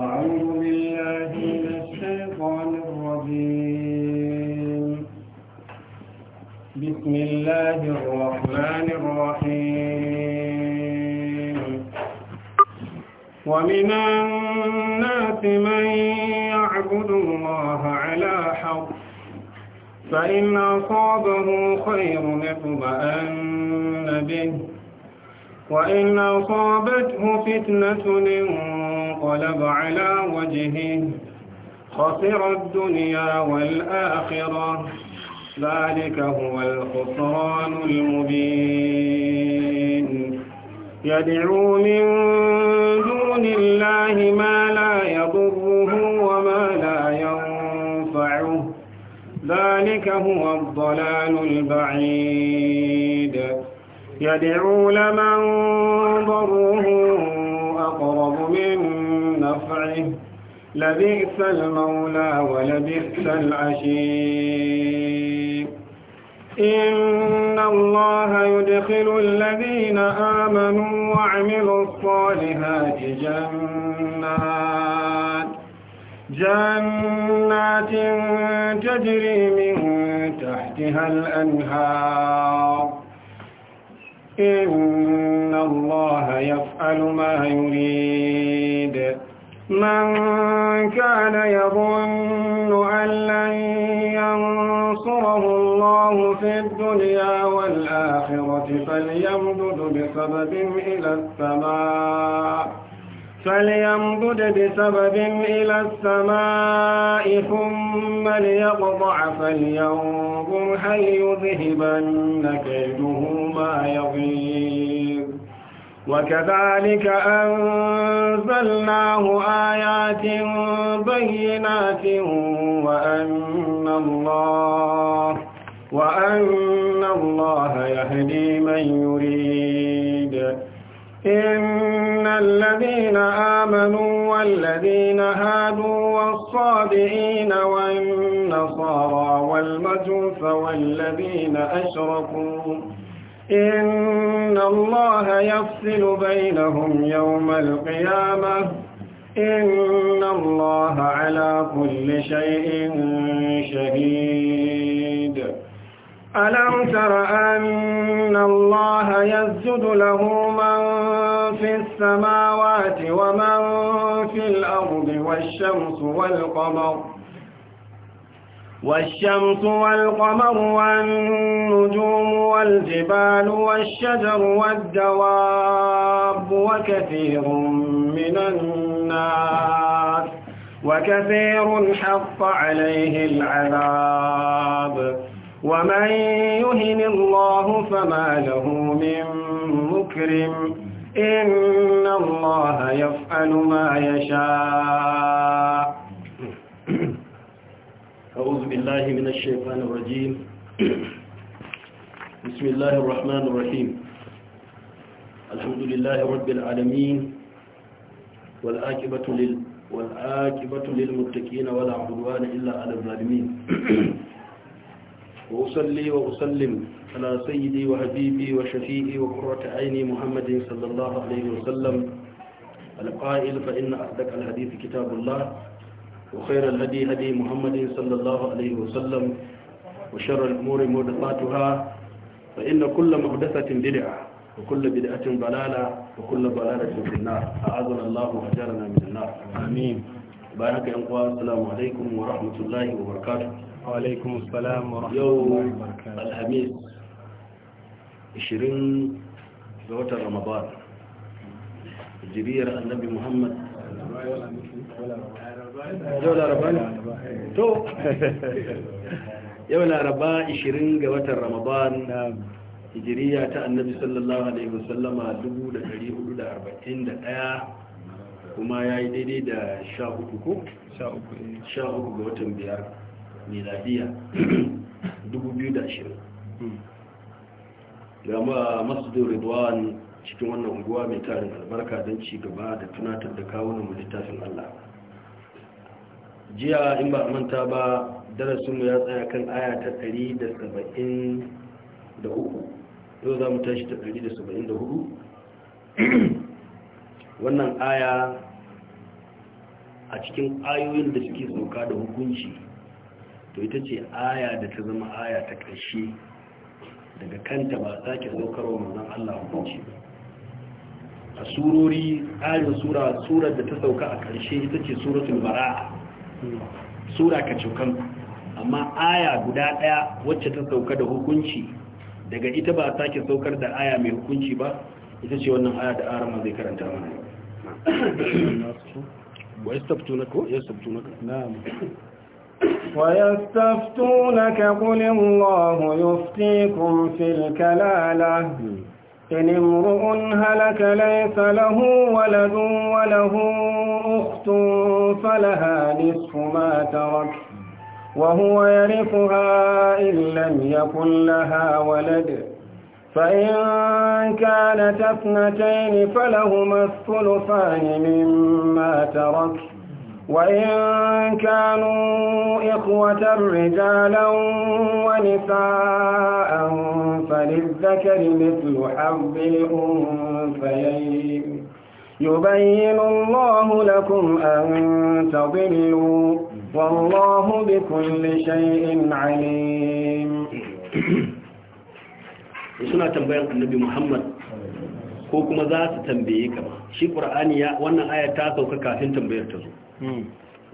أعوذ بالله من الشيطان الرجيم بسم الله الرحمن الرحيم ومن الناس من يعبد الله على حق فإن أصابه خير اطمأن به وإن أصابته فتنة انقلب انقلب على وجهه خسر الدنيا والآخرة ذلك هو الخسران المبين يدعو من دون الله ما لا يضره وما لا ينفعه ذلك هو الضلال البعيد يدعو لمن ضره رفعه لبئس المولى ولبئس العشير إن الله يدخل الذين آمنوا وعملوا الصالحات جنات جنات تجري من تحتها الأنهار إن الله يفعل ما يريد من كان يظن أن لن ينصره الله في الدنيا والآخرة فليمدد بسبب إلى السماء فليمدد بسبب إلى السماء ثم ليقطع فلينظر هل يذهبن كيده ما يغيب وكذلك أنزلناه آيات بينات وأن الله وأن الله يهدي من يريد إن الذين آمنوا والذين هادوا والصابئين والنصارى والمجوس والذين أشركوا إن الله يفصل بينهم يوم القيامة إن الله على كل شيء شهيد ألم تر أن الله يسجد له من في السماوات ومن في الأرض والشمس والقمر والشمس والقمر والنجوم والجبال والشجر والدواب وكثير من الناس وكثير حق عليه العذاب ومن يهن الله فما له من مكرم إن الله يفعل ما يشاء أعوذ بالله من الشيطان الرجيم بسم الله الرحمن الرحيم الحمد لله رب العالمين والآكبة, لل... والآكبة للمتكين ولا عدوان إلا على الظالمين وأصلي وأسلم على سيدي وحبيبي وشفيئي وقرة عيني محمد صلى الله عليه وسلم القائل فإن أصدق الحديث كتاب الله وخير الهدي هدي محمد صلى الله عليه وسلم وشر الأمور مهدفاتها فإن كل محدثة بدعة وكل بدعة ضلالة وكل ضلالة في النار أعاذنا الله وأجرنا من النار آمين بارك الله السلام عليكم ورحمة الله وبركاته وعليكم السلام ورحمة الله وبركاته الخميس 20 لوتر رمضان جبير النبي محمد yau laraba ne to yau laraba 20 ga watan ramadan hijiriya ta annabi sallallahu alaihi wasallama 1441 kuma ya yi daidai da 13 ko? 13 eh. ga watan biyar miladiya 2020 hmm. gama masjidin ridwan cikin wannan unguwa mai tarin albarka don ci gaba da tunatar da kawunan littafin allah jiya in ba manta ba darasinmu ya tsaya kan aya ta hudu. yau za mu tashi ta 174 wannan aya a cikin ayoyin da suke sauka da hukunci to ita ce aya da ta zama aya ta ƙarshe daga kanta ba sake wa mazan Allah hukunci ba a surori ayin sura surar da ta sauka a ƙarshe ita ce suratul bara'a sura kacokan amma aya guda ɗaya wacce ta sauka da hukunci daga ita ba a sake saukar da aya mai hukunci ba ita ce wannan aya da arama zai karanta mana ويستفتونك ويستفتونك نعم ويستفتونك قل الله يفتيكم في الكلالة إن امرؤ هلك ليس له ولد وله أخت فلها نصف ما ترك وهو يرثها إن لم يكن لها ولد فإن كانت اثنتين فلهما الثلثان مما ترك وإن كانوا إخوة رجالا ونساء فللذكر مثل حظ الأنفيين يبين الله لكم أن تضلوا والله بكل شيء عليم suna tambayar annabi Muhammad ko kuma za su tambaye ka shi Qur'ani ya wannan aya ta sauka kafin tambayar ta zo Hmm.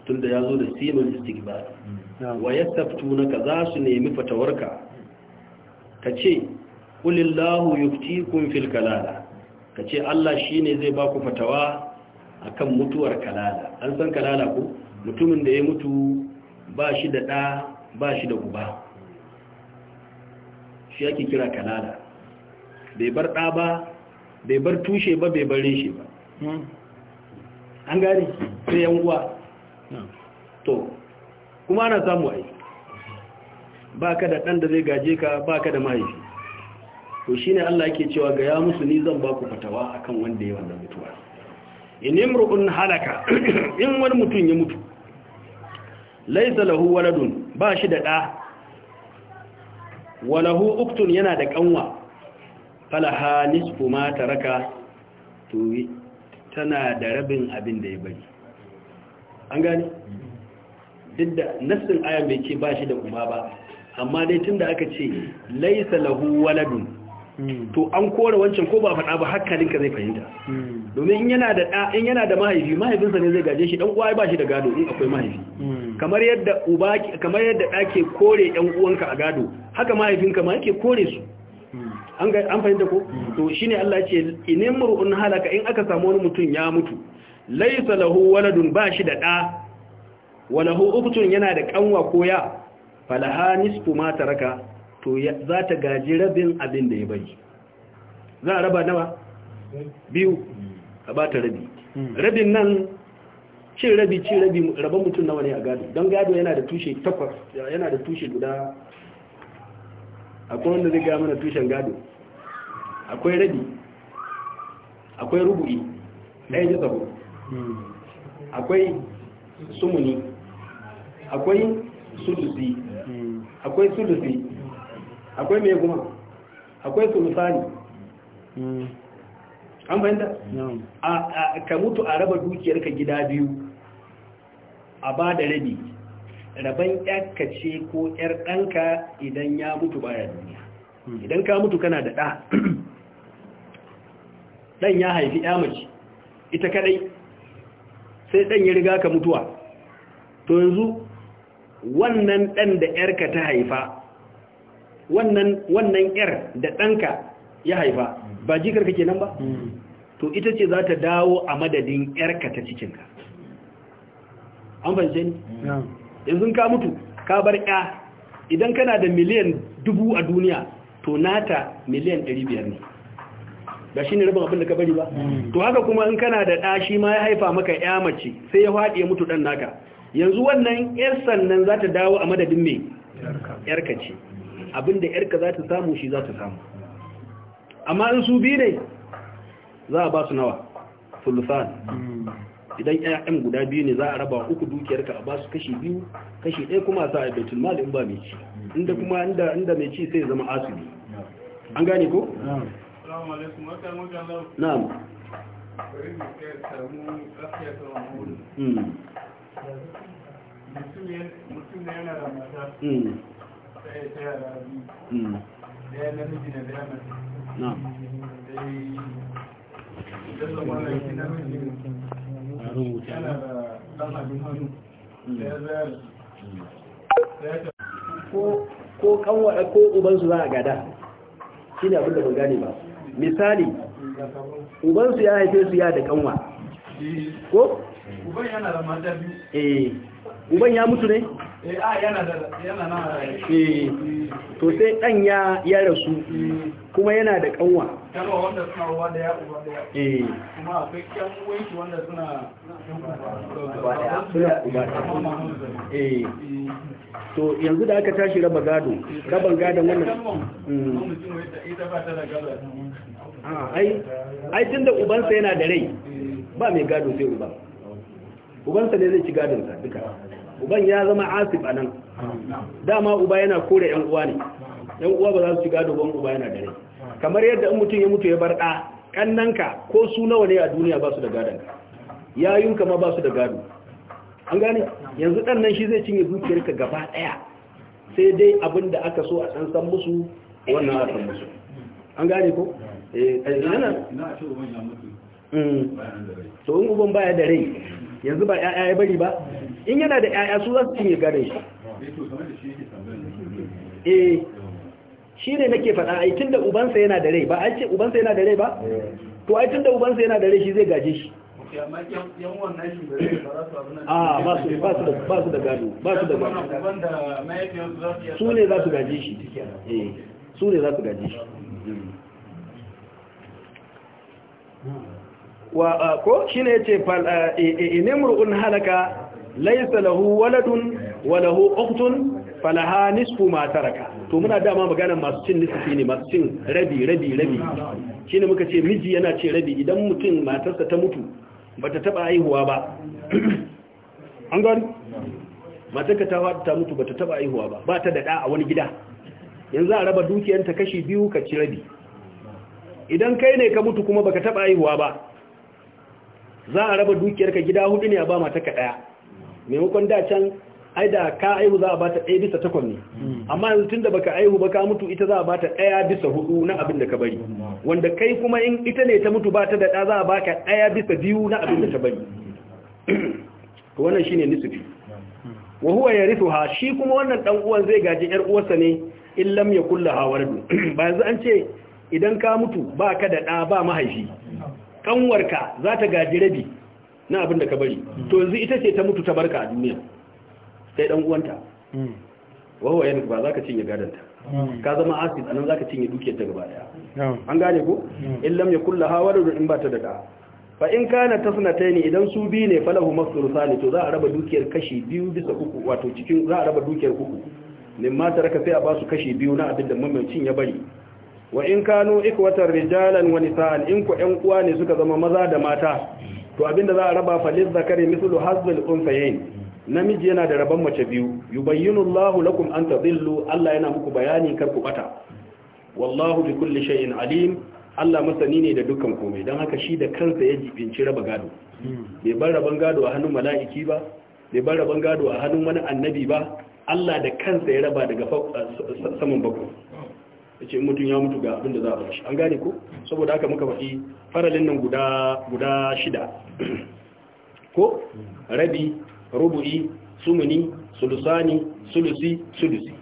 tunda ya zo da siman istigbar hmm. wa na ka za su nemi fatawarka ka ce kulillahu kun fil kalala ka ce Allah shi ne zai baku fatawa akan mutuwar kalala an san kalala ku mutumin da ya mutu ba shi da ɗa ba shi da uba shi yake kira kalala bai bar ɗa ba bai bar tushe ba bai bar shi ba hmm. an gane sai yan uwa to kuma ana samu ai ba ka da ɗan da zai gaje ka ba ka da mahaifi to shi ne Allah yake cewa ga ya musu ni zan ba ku fatawa akan wanda ya wanda mutuwa in imru'un halaka in wani mutum ya mutu laisa lahu waladun ba shi da ɗa walahu uktun yana da kanwa falaha nisfu ma taraka to tana da rabin abin da ya bari an gane duk da nassin aya mai ce ba shi da kuma ba amma dai tun da aka ce laisa lahu waladun hmm. to an kore wancan ko ba faɗa ba hakkalinka zai fahimta hmm. domin in yana da in yana da mahaifi mahaifinsa ne zai gaje shi dan uwa ba shi da gado in akwai mahaifi hmm. kamar yadda uba kamar yadda ɗa ke kore ɗan uwanka a gado haka mahaifinka ma yake kore su an fahimta ko hmm. to shine Allah ce inin mur'un halaka in aka samu wani mutum ya mutu laisa lahu waladun ba shi da ɗa walahu uktun yana da kanwa ko ya falaha nisfu ma taraka to za ta gaji rabin abin da ya bari za a raba nawa biyu a ba ta rabi hmm. rabin nan cin rabi ce rabi rabon mutum nawa ne a gado don gado yana da tushe takwas yana da tushe guda akwai wanda zai gaya mana tushen gado akwai rabi akwai rubu'i ɗaya ji tsaro akwai sumuni akwai sulusi akwai sulusi akwai mai kuma akwai sulusani an fahimta? ka mutu a raba dukiyarka gida biyu a ba da rabi raban yarka ce ko yar ɗanka idan ya mutu baya duniya hmm. idan ka mutu kana da ɗa Ɗan ya haifi ya mace ita kadai sai ɗan ya riga ka mutuwa to yanzu wannan dan da ƴarka ta haifa wannan wannan yar da ɗanka ya haifa ba jikar kake nan ba mm. to ita ce za ta dawo a madadin yarka ta cikinka an fahimce ni yanzu ka mutu ka bar ya idan kana da miliyan dubu a duniya to nata miliyan biyar ne da shi ne rabin abin da ka bari ba to haka kuma in kana da ɗa ma ya haifa maka ya mace sai ya faɗi ya mutu dan naka yanzu wannan yar sannan za ta dawo a madadin me ƴarka ce abinda ƴarka za ta samu shi za ta samu amma in su biyu ne za a ba su nawa fulfan idan ƴaƴan guda biyu ne za a raba uku dukiyarka a ba su kashi biyu kashi ɗaya kuma a sa a baitul mal in ba mai ci inda kuma inda mai ci sai zama asibi an gane ko Ko alaikum. Wata Ko ko ubansu za a gada. shi ne abin ban gane ba misali ubansu ya haife su ya da kanwa eh, ko? ubai yana da mata biyu eh. uban ya mutu ne? eh eh ah, yana yana da na rai eh, to sai ɗan ya rasu kuma yana da ƙanwa wanda suna ruwa da ya uba da ya eh kuma akwai ƙyanwai wanda suna da da eh. eh to yanzu da aka tashi raba gado raban gadon wannan ah, ai tun da ubansa yana da rai eh. ba mai gado sai uba ubansa ne zai ci gadon gadonsa duka uban ya zama asif a nan dama uba yana kore yan uwa ne yan uwa ba za su shiga dogon uba yana dare kamar yadda in mutum ya mutu ya bar ɗa kannanka ko su nawa ne a duniya ba su da gadon yayunka ma ba su da gado an gane yanzu dan nan shi zai cinye dukiyarka gaba ɗaya sai dai abin da aka so a san san musu wannan a san musu an gane ko? eh ɗan eh, nan? Mm. to in uban baya da rai yanzu ba ƴaƴa ya bari ba in yana da ƴaƴa su za su cinye gadon shi eh shi ne nake faɗa ai tunda ubansa yana da rai ba ai ce ubansa yana da rai ba to ai tunda ubansa yana da rai shi zai gaje shi a ah, ba su ba su da ba su da gado ba su da gado eh, su ne za su gaje shi su ne za su gaje shi wa ko shine yace fal inimru'un halaka laysa lahu waladun wa lahu ukhtun falaha nisfu ma taraka to muna dama magana masu cin nisfi ne masu cin rabi rabi rabi shine muka ce miji yana ce rabi idan mutum matarsa ta mutu bata taba aihuwa ba an gani matarka ta ta mutu bata taba aihuwa ba ba ta da da a wani gida yanzu a raba dukiyanta kashi biyu ka ci rabi idan kai ne ka mutu kuma baka taba aihuwa ba za a raba dukiyarka gida hudu ne a ba mata ka daya maimakon da can ai da ka aihu za a bata ɗaya bisa takwas ne amma yanzu tun da baka aihu ba ka mutu ita za a bata ɗaya bisa hudu na abin da ka bari wanda kai kuma in ita ne ta mutu ba ta da za a baka ɗaya bisa biyu na abin da ta bari wannan shine nisbi wa huwa yarithuha shi kuma wannan dan uwan zai gaji yar uwarsa ne in yakullaha yakul ba yanzu an ce idan ka mutu ba ka da ɗa ba mahaifi kanwarka za ta gaji rabi na abin da ka bari to yanzu ita ce ta mutu ta barka a duniya sai dan uwanta wawa yanzu ba za ka cinye gadanta ka zama asid anan za ka cinye dukiyar ta gaba daya an gane ko in lam yakul laha walad in ba ta da fa in kana tasnataini idan su bi ne falahu masrusani to za a raba dukiyar kashi biyu bisa uku wato cikin za a raba dukiyar uku ne ma raka sai a ba su kashi biyu na abin da mamacin ya bari wa in kanu ikwatar rijalan wa nisa'an in ku yan uwa ne suka zama maza da mata to abinda za a raba fa liz zakari mislu hazbil unsayin namiji yana da rabon mace biyu yubayyinu Allahu lakum an tadillu Allah yana muku bayani kar ku bata wallahu bi kulli shay'in alim Allah masani ne da dukkan komai don haka shi da kansa ya jibinci raba gado bai bar raban gado a hannun mala'iki ba bai bar raban gado a hannun wani annabi ba Allah da kansa ya raba daga saman bakwai yace ce mutum ya mutu ga abin za a shi an gane ko saboda haka muka faɗi faralin nan guda shida ko rabi rubu'i sumuni sulusani sulusi sulusi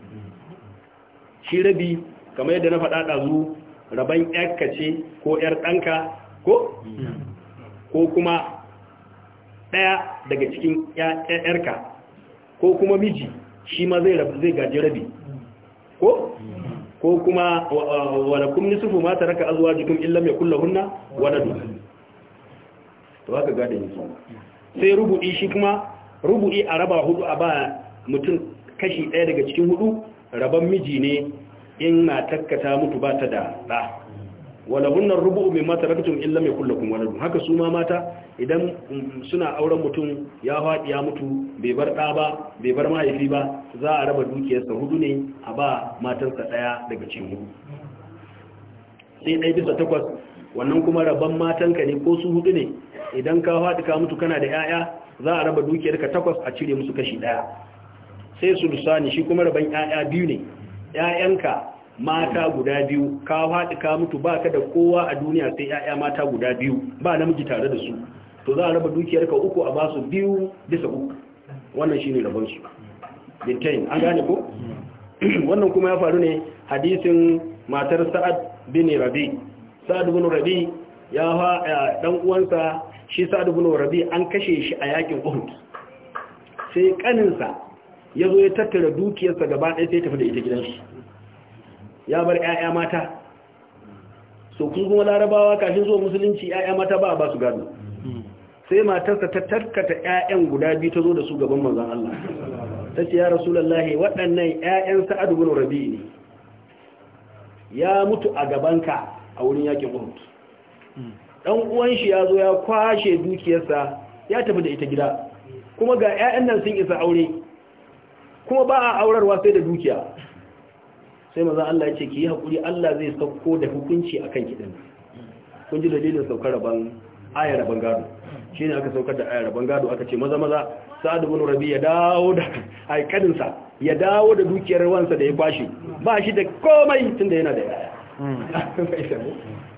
shi rabi kamar yadda na faɗa ɗazu raban ƴarka ce ko ƴar ɗanka ko ko kuma ɗaya daga cikin ƴarka ko kuma miji shi ma zai gaji rabi ko ko kuma walakum nisfu ma taraka azwajukum illam yakul lahunna waladun to haka gada yake sai rubu'i shi kuma rubu'i a raba hudu a ba mutum kashi ɗaya daga cikin hudu raban miji ne in na takkata mutu ba ta da ɗa nan rubu mimma taraktum illa ma kullakum walad haka su ma mata idan mm, suna auren mutum ya faɗi ya mutu bai bar da ba bai bar mahaifi ba za a raba dukiyarsa hudu ne a ba matansa daya daga cikin hudu sai ɗaya bisa takwas wannan kuma matan ka ne ko su hudu ne idan ka faɗi ka mutu kana da 'ya'ya za a raba dukiyarka takwas a cire musu kashi daya sai su shi kuma rabban 'ya'ya biyu ne 'ya'yanka mata guda biyu ka haɗi ka mutu ba ka da kowa a duniya sai ‘ya'ya mata guda biyu ba namiji tare da su to za a raba dukiyar ka uku a basu biyu bisa uku wannan shi ne su bintain an gane ko wannan kuma ya faru ne hadisin matar sa'ad bin rabi sa'ad bin rabi ya ha dan uwansa shi sa'ad bin rabi an kashe shi a yakin uhud sai kaninsa ya zo ya tattara dukiyarsa gaba ɗaya sai tafi da ita gidansa ya bar 'ya'ya mata so kun kuma larabawa kafin zuwa musulunci 'ya'ya mata ba a ba su gado sai matarsa ta tarkata 'ya'yan guda biyu ta zo da su gaban manzan Allah ta ce ya rasulullahi waɗannan 'ya'yan Sa'adu bin rabi ne ya mutu a gabanka a wurin yakin uhud dan uwan shi ya zo ya kwashe dukiyarsa ya tafi da ita gida kuma ga 'ya'yan nan sun isa aure kuma ba a aurarwa sai da dukiya sai maza Allah ya ce ki yi haƙuri Allah zai sauko da hukunci a kan kiɗin kun ji dalilin saukar rabon ayar rabon gado shi ne aka saukar da ayar rabon gado aka ce maza maza sa'adu bin rabi ya dawo da aikadinsa ya dawo da dukiyar wansa da ya bashi ba shi da komai tun da yana da yaya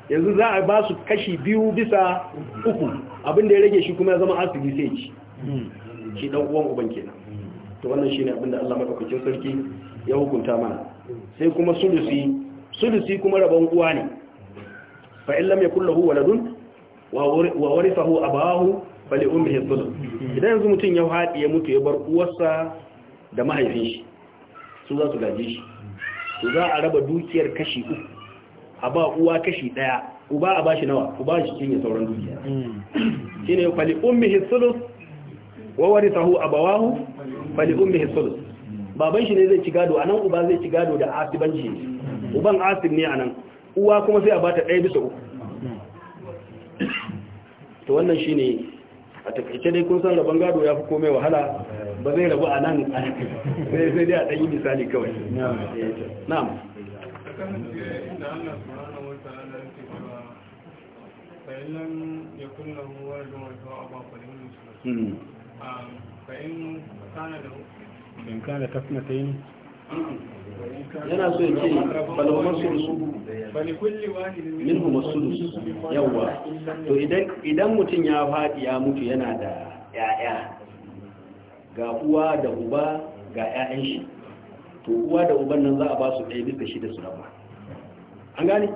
yanzu za a ba su kashi biyu bisa uku abin da ya rage shi kuma ya zama asibi sai ci shi dan uwan uban kenan to wannan shine abin da Allah ɗaukacin sarki ya hukunta mana sai kuma sulusi sulusi kuma rabon uwa ne fa in yakul lahu waladun wa warithahu abahu fa li ummihi thuluth idan yanzu mutum ya haɗi ya mutu ya bar uwarsa da mahaifin shi su za su gaje shi to za a raba dukiyar kashi uku a ba uwa kashi daya uba a bashi nawa uba shi cinye sauran dukiya shine fa li ummihi thuluth wa warithahu abawahu fa li ummihi thuluth baban shi ne zai ci gado anan uba zai ci gado da asibanci uban asib ne anan uwa kuma sai a bata ɗaya bisa uku to wannan shine a takaice dai kun san rabon gado ya fi komai wahala ba zai rabu a nan sai sai dai a ɗanyi misali kawai na'am فإن كان له in kana tasnatayn yana so yake falwamar masu minhu masulus yawa to idan mutum ya faɗi ya mutu yana da ‘ya'ya ga uwa da uba ga ‘ya'yan shi to uwa da uban nan za a ba su ɗaya bisa shida su raba an gane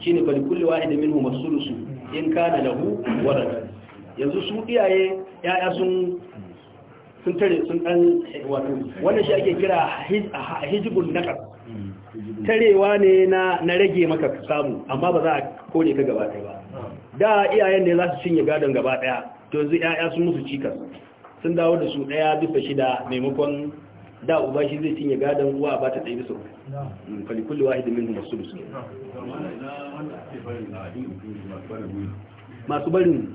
shi ne falikulli wahidin masu masulusu in kana lahu warada yanzu su iyaye ‘ya'ya sun sun tare sun dan wato wannan shi ake kira hijibun naqab tarewa ne na rage maka samu amma ba za a kore ka gaba ɗaya ba da iyayen ne za su cinye gadon gaba ɗaya to yanzu yaya sun musu cikas sun dawo da su ɗaya bisa shida maimakon da uba shi zai cinye gadon uwa ba ta ɗaya bisa uku falikullu wahidin minhum wasu masu barin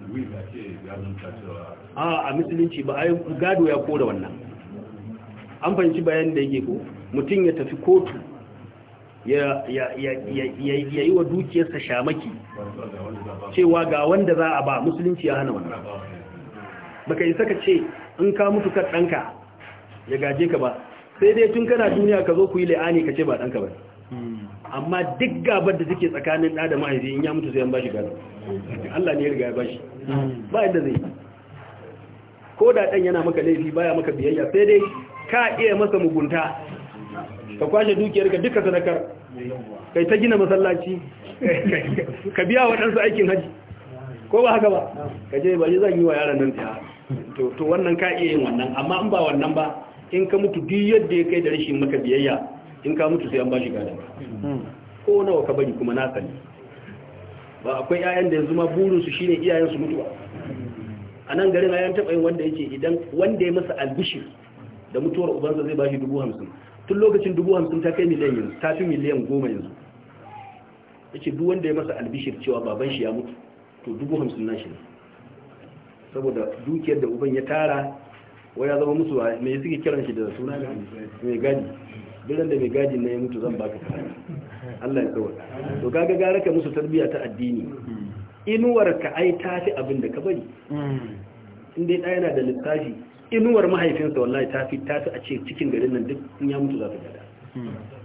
a a musulunci ba yi gado ya kora wannan an fahimci bayan da yake ko mutum ya tafi kotu ya yi wa dukiyarsa shamaki cewa ga wanda za a ba musulunci ya hana wannan baka yi saka ce in ka mutu kan ɗanka ya gaje ka ba sai dai tun kana duniya ka zo ku yi la'ani ka ce ba ɗanka ba amma duk gabar da suke tsakanin ɗa da ma'aizi in ya mutu sai an bashi gado Allah ne ya riga ya bashi ba yadda zai ko da ɗan yana maka laifi baya maka biyayya sai dai ka iya masa mugunta ka kwashe dukiyar ka duka sadakar kai ta gina masallaci ka biya waɗansu aikin haji ko ba haka ba ka je ba shi zan yi wa yaran nan ta to wannan ka iya yin wannan amma in ba wannan ba in ka mutu duk yadda ya kai da rashin maka biyayya in ka mutu sai an bashi gada ko nawa ka bari kuma nasa ne ba akwai yayan da yanzu ma burin su shine iyayen su mutuwa a nan garin ayan taɓa yin wanda yake idan wanda ya masa albishir da mutuwar ubansa zai bashi dubu hamsin tun lokacin dubu hamsin ta kai miliyan yanzu ta fi miliyan goma yanzu ce duk wanda ya masa albishir cewa baban shi ya mutu to dubu hamsin na shi ne saboda dukiyar da uban ya tara waya zama musu mai suke kiran shi da suna mai gadi duk da mai gajin na ya mutu zan baka karatu Allah ya kawai to kaga gara ka musu tarbiya ta addini inuwar ka ai ta fi abin da ka bari in dai ɗaya yana da littafi inuwar mahaifinsa wallahi ta fi ta fi a ce cikin garin nan duk in ya mutu za ta gada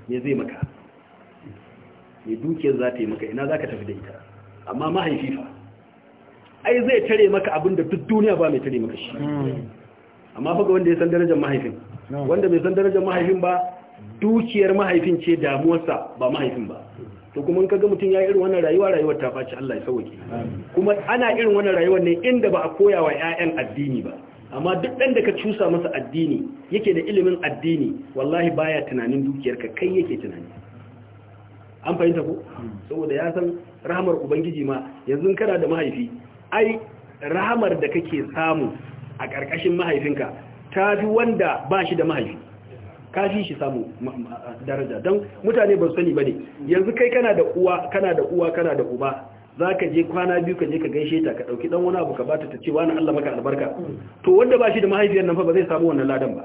me zai maka me dukiyar za ta yi maka ina za ka tafi da ita amma mahaifi fa ai zai tare maka abin da duk duniya ba mai tare maka shi amma fa ga wanda ya san darajar mahaifin wanda bai san darajar mahaifin ba dukiyar mahaifin ce damuwarsa ba mahaifin ba to kuma in kaga mutum ya irin wannan rayuwa rayuwar ta faci Allah ya sauke kuma ana irin wannan rayuwar ne inda ba a koya wa ƴaƴan addini ba amma duk dan da ka cusa masa addini yake da ilimin addini wallahi baya tunanin dukiyarka kai yake tunani an fahimta ko saboda ya san rahmar ubangiji ma yanzu kana da mahaifi ai rahamar da kake samu a ƙarƙashin mahaifinka ta fi wanda ba shi da mahaifi ka shi samu daraja don mutane ba sani ba ne yanzu kai kana da uwa kana da uwa kana da uba za ka je kwana biyu ka je ka gaishe ta ka ɗauki ɗan wani abu ka bata ta ce wani Allah maka albarka to wanda ba shi da mahaifiyar nan fa ba zai samu wannan ladan ba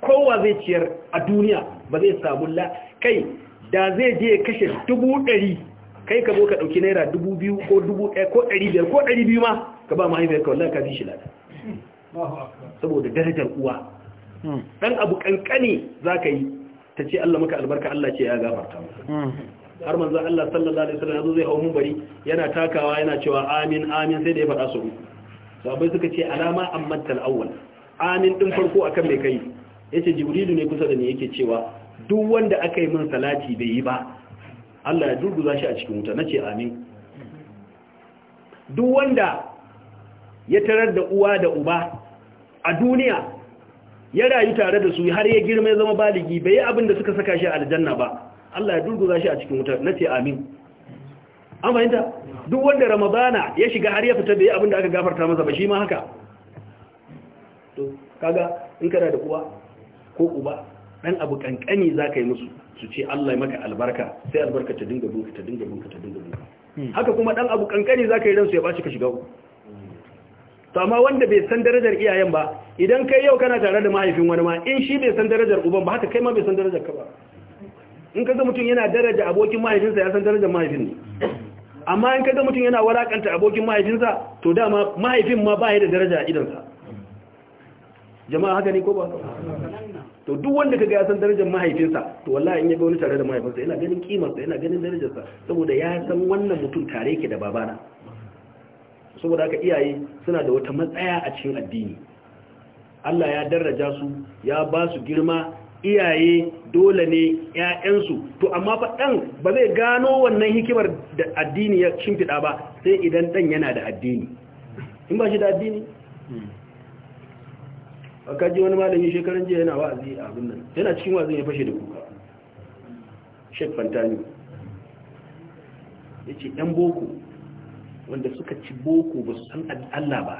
kowa zai ciyar a duniya ba zai samu la kai da zai je kashe dubu ɗari kai ka zo ka ɗauki naira dubu biyu ko dubu ɗaya ko ɗari biyar ko ɗari biyu ma ka ba mahaifiyar ka wallahi ka ji shi ladan saboda darajar uwa Ɗan abu za zaka yi ta ce Allah maka albarka Allah ce ya gafarta har manzo Allah sallallahu alaihi wasallam zai hau bari yana takawa yana cewa amin amin sai da ya faɗa su sahabbai suka ce alama amman awwal amin ɗin farko akan mai kai yace jibrilu ne kusa da ni yake cewa duk wanda aka yi min salati bai yi ba Allah ya durguza shi a cikin wuta nace amin duk wanda ya tarar da uwa da uba a duniya ya rayu tare da su har ya girma ya zama baligi bai yi abin da suka saka shi a aljanna ba Allah ya durguza shi a cikin wuta nace amin an fahimta duk wanda ramadana ya shiga har ya fita bai yi abin da aka gafarta masa ba shi ma haka to kaga in kana da uwa ko uba dan abu kankani zaka yi musu su ce Allah ya maka albarka sai albarka ta dinga bunka ta dinga bunka ta dinga bunka hmm. haka kuma dan abu kankani zaka yi ransu ya bashi ka shiga to amma wanda bai san darajar iyayen ba idan kai yau kana tare da mahaifin wani ma in shi bai san darajar uban ba haka kai ma bai san darajar ka ba in ka ga mutum yana daraja abokin mahaifinsa ya san darajar mahaifin ne amma in ka ga mutum yana walakanta abokin mahaifinsa to dama mahaifin ma ba ya da daraja a idansa jama'a haka ne ko ba to duk wanda kaga ya san darajar mahaifinsa to wallahi in ya ga wani tare da mahaifinsa yana ganin kimarsa yana ganin darajarsa saboda ya san wannan mutum tare yake da babana saboda aka iyaye suna da wata matsaya a cikin addini Allah ya daraja su ya ba su girma iyaye dole ne ‘ya'yansu to amma faɗan ba zai gano wannan hikimar da addini ya shimfiɗa ba sai idan ɗan yana da addini in ba shi da addini a kaji wani malami shekaran jiya yana wa'azi a abin nan yana cikin wa'azin ya fashe da kuka shek fantani yace dan boko wanda suka ci boko ba su san Allah ba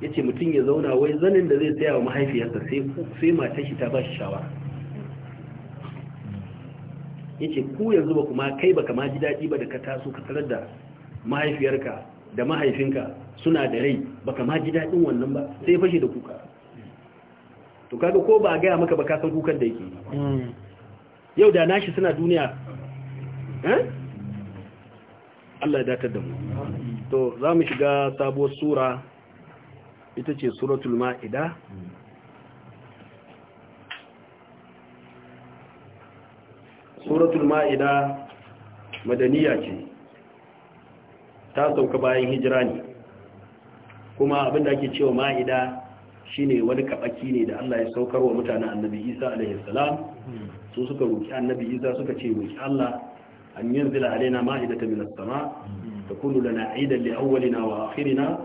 ya ce mutum ya zauna wai zanin da zai tsaya wa mahaifiyarsa sai matan shi ta ba shi shawara ya ce ku yanzu ba kuma kai ba kama ji daɗi ba da ka taso ka tarar da mahaifiyarka da mahaifinka suna da rai ba kama ji daɗin wannan ba sai ya fashe da kuka to kaga ko ba a gaya maka ba ka san kukan da yake hmm. yau da nashi suna duniya eh Allah ya datar da mu to za mu shiga sabuwar sura ita ce suratul ma'ida suratul ma'ida madaniya ce ta sauka bayan hijira ne kuma abinda ake cewa ma'ida shine wani kabaki ne da Allah ya saukar wa mutane annabi Isa alaihi su suka roki annabi Isa suka ce roki Allah أن ينزل علينا مائدة من السماء تكون لنا عيدا لأولنا وآخرنا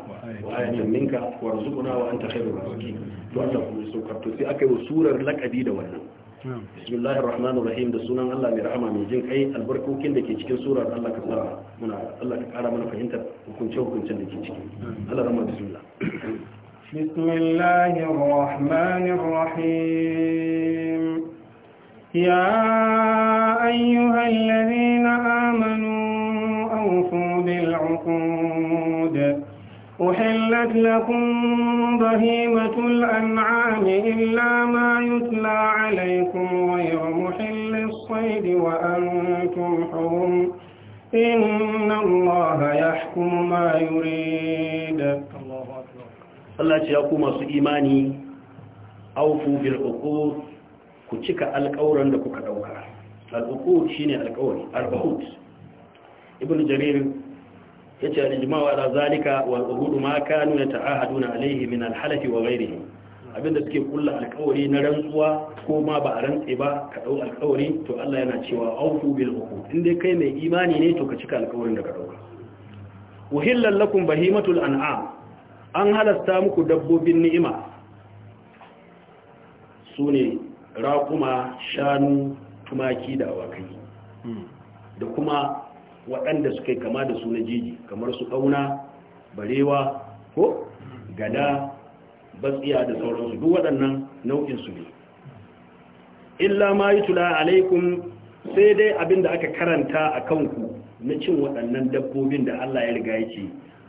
وآية منك وارزقنا وأنت خير الرازقين وأنت سوكرت في أكي سورة لك أديدة وأنا بسم الله الرحمن الرحيم da sunan Allah mai rahama mai jin kai albarkokin da ke cikin surar Allah ka tsara muna Allah ka kara mana fahimtar hukunce hukuncen da ke ciki Allah rahama bismillah بسم الله الرحمن الرحيم يا أيها الذين آمنوا أوفوا بالعقود أحلت لكم بهيمة الأنعام إلا ما يتلى عليكم غير محل الصيد وأنتم حرم إن الله يحكم ما يريد الله أكبر الله يقوم إيماني أوفوا بالعقود كتك cika alƙawuran da al'ukud shine alƙawari al'ukud ibn jarir yace al-ijma'u ala zalika wa uhudu ma kanu yata'ahaduna alayhi min al-halafi wa ghayrihi abinda suke kulla alƙawari na rantsuwa ko ma ba a rantsi ba ka ɗau alƙawari to Allah yana cewa aufu bil uqud inda kai mai imani ne to ka cika alƙawarin da ka dauka uhillal lakum bahimatul an'am an halasta muku dabbobin ni'ima su ne raƙuma shanu tumaki da awakai hmm. da kuma waɗanda suka yi kama da su na jeji kamar su ɗauna barewa ko gada batsiya da sauransu duk waɗannan nau'in su ne illa ma yi tula alaikun sai dai abin da aka karanta a kanku na cin waɗannan dabbobin da Allah ya riga ya ce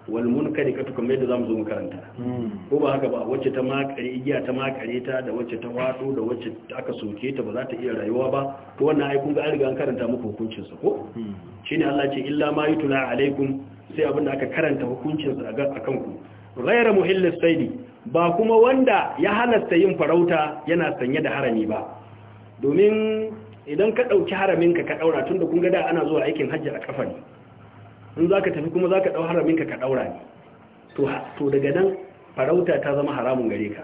wal munkarikatu kamar da zamu zo mu hmm. ko ba haka ba wacce ta makare igiya ta makare ta da wacce ta wado da wacce aka soke ta ba za ta iya rayuwa ba to wannan ai kun ga an riga an karanta muku hukuncin sa ko hmm. shine Allah ce illa ma yutula alaikum sai abinda aka karanta hukuncin sa kan ku. ghayra muhillis saidi ba kuma wanda ya halasta yin farauta yana sanye da harami ba domin idan ka dauki haramin ka ka daura tunda kun ga da ana zuwa aikin hajji a kafa in za ka tafi kuma za ka ɗau haraminka ka ɗaura ne to daga nan farauta ta zama haramun gare ka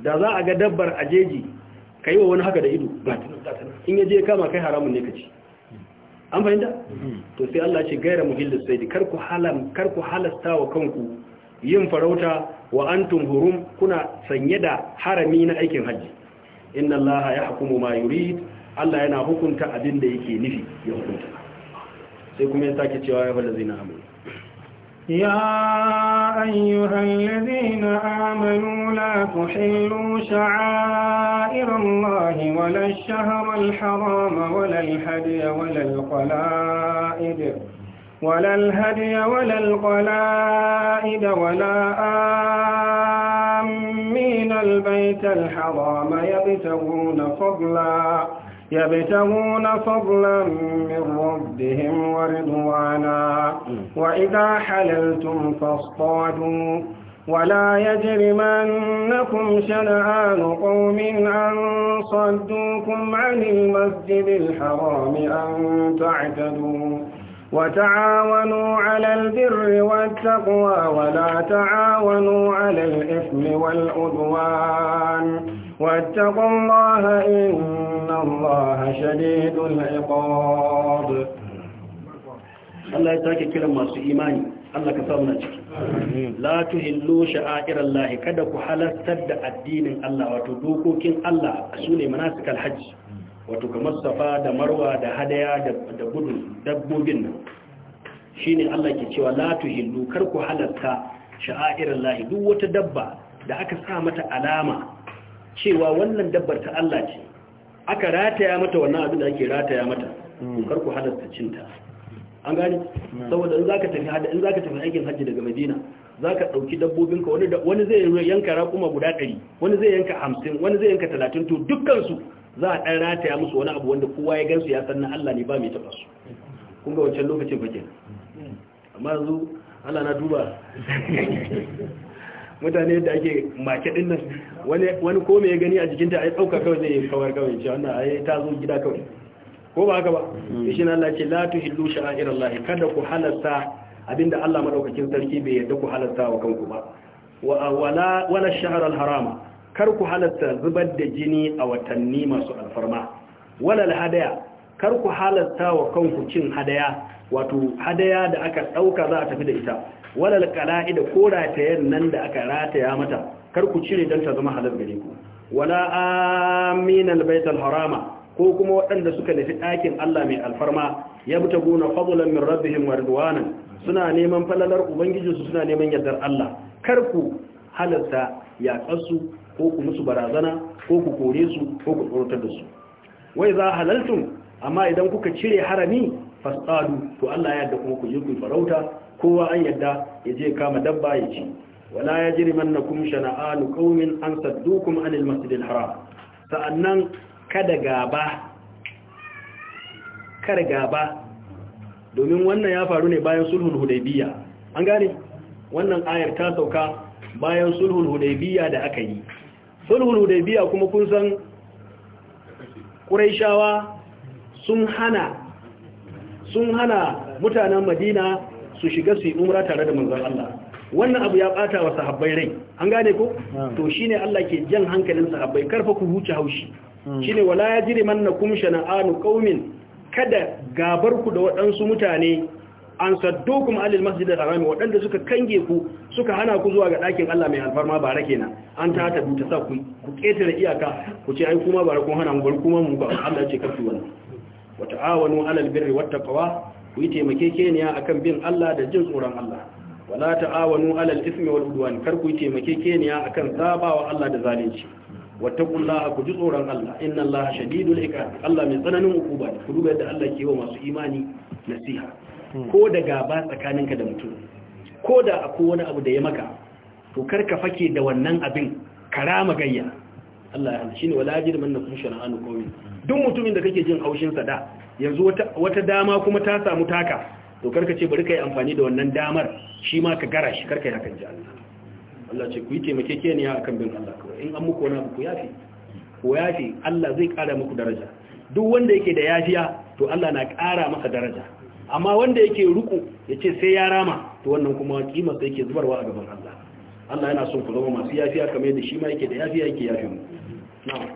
da za a ga dabbar a jeji ka yi wa wani haka da ido in ya je kama kai haramun ne ka ci an fahimta to sai Allah ce gaira muhillis sai di ku halasta wa kanku yin farauta wa an hurum kuna sanye da harami na aikin hajji. inna Allah ya hukumu ma yurid Allah yana hukunta abin da yake nufi ya hukunta sai kuma ya sake cewa ya wallazi na amanu يا أيها الذين آمنوا لا تحلوا شعائر الله ولا الشهر الحرام ولا الهدي ولا القلائد ولا الهدي ولا القلائد ولا آمين البيت الحرام يبتغون فضلاً يبتغون فضلا من ربهم ورضوانا وإذا حللتم فاصطادوا ولا يجرمنكم شنآن قوم أن صدوكم عن المسجد الحرام أن تعتدوا وتعاونوا على البر والتقوى ولا تعاونوا على الإثم والعدوان واتقوا الله إن الله شديد العقاب الله يتاكي كلا ما سي إيماني الله كثيرنا لا تهلو شعائر الله كدك حلث تدع الدين الله وتدوكو كن الله أسولي مناسك الحج wato kamar safa da marwa da hadaya da gudun dabbobin nan shi ne Allah ke cewa "Latu Hindu, kar ku halarta lahi." duk wata dabba da aka sa mata alama cewa wannan dabbar ta Allah ce aka rataya mata wannan abin da ake rataya mata hmm. kar ku halarta cinta an gani hmm. saboda in zaka tafi hada in zaka tafi aikin haji daga Madina zaka dauki dabbobinka wani wani zai yanka raƙuma guda 100 wani zai yanka 50 wani zai yanka 30 to dukkan su za a ɗan rataya musu wani abu wanda kowa ya gansu ya san na Allah ne ba mai taɓa su kun ga wancan lokacin fake amma yanzu Allah na duba mutane da ake make din nan wani ko me ya gani a jikinta ai dauka kawai zai kawar kawai ce wannan ai ta zo gida kawai ko ba haka ba mm. shi na Allah ce la tuhillu sha'irallahi kada ku halatta abinda Allah madaukakin sarki bai yadda ku halatta wa kanku ba wa wala wala shahr al-harama kar ku halarta zubar da jini a watanni masu alfarma walal hadaya kar ku halarta wa kanku cin hadaya wato hadaya da aka ɗauka za a tafi da ita walal kala'i da ko ratayen nan da aka rataya mata kar ku cire don ta zama halar gare ku wala aminal baitul harama ko kuma waɗanda suka nufi ɗakin Allah mai alfarma ya bi gona fadlan min rabbihim wa ridwanan suna neman falalar ubangijinsu suna neman yardar Allah kar ku halarta yaƙarsu ko ku musu barazana ko ku kore su ko ku tsorotar da su wai za halaltun amma idan kuka cire harami fasadu to Allah ya yarda kuma ku yi farauta kowa an yarda ya je kama dabba ya ci wala ya yajrimannakum shana'anu qaumin an saddukum an masjidil haram sa'annan kada gaba kada gaba domin wannan ya faru ne bayan sulhul hudaybiya an gane wannan ayar ta sauka bayan sulhun hudaybiya da aka yi sulhul hudaybiya kuma kun san quraishawa sun hana sun hana mutanen madina su shiga su yi umra tare da manzon Allah wannan abu ya bata wa sahabbai rai an gane ko to shine Allah ke jan hankalin sahabbai karfa ku huce haushi hmm. shine wala yajrimannakum shana'anu qaumin kada gabar ku da waɗansu mutane an kuma alil masjid al-haram waɗanda suka kange ku suka hana ku zuwa ga ɗakin Allah mai alfarma bara kenan an ta ta duta sa ku ku iyaka ku ce ai kuma bara kun hana mu bar kuma mu ba Allah ya ce kafi wannan wa ta'awanu alal birri wat taqwa ku yi taimakekeniya akan bin Allah da jin tsoron Allah wala ta'awanu alal ismi wal udwan kar ku yi taimakekeniya akan zabawa Allah da zalunci taqullaha ku ji tsoron Allah inna Allah shadidul iqab Allah mai tsananin hukuma ku duba yadda Allah ke yi wa masu imani nasiha Mm. ko da gaba tsakaninka da mutum ko da akwai wani abu da ya maka to karka fake da wannan abin karama gayya Allah ya shi ne wala jirman na kun shara'anu komi duk mutumin da kake jin haushin sa da yanzu wata dama kuma ta samu taka to karka ce bari kai amfani da wannan damar shi ma ka gara shi karka yi hakan ji Allah Allah ce ku yi taimakekeniya akan bin Allah kawai in an muku wani abu ku yafi ku yafi Allah zai kara muku daraja duk wanda yake da yafiya to Allah na kara masa daraja amma wanda yake ruku ya ce sai ya rama to wannan kuma kima sai yake zubarwa a gaban Allah Allah yana son ku zama masu yafiya kamar yadda shi ma yake da yafiya yake yafi mu na'am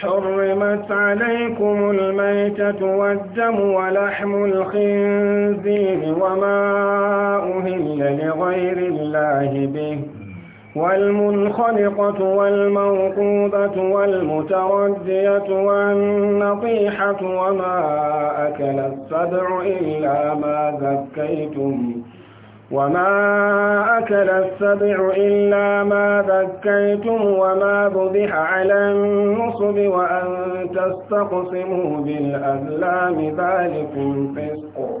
حرمت عليكم الميتة والدم ولحم الخنزير وما أهل لغير الله به والمنخنقة والموقوبة والمتردية والنطيحة وما أكل السبع إلا ما ذكيتم وما أكل السبع إلا ما ذكيتم وما ذبح على النصب وأن تستقسموا بالأزلام ذلكم فسق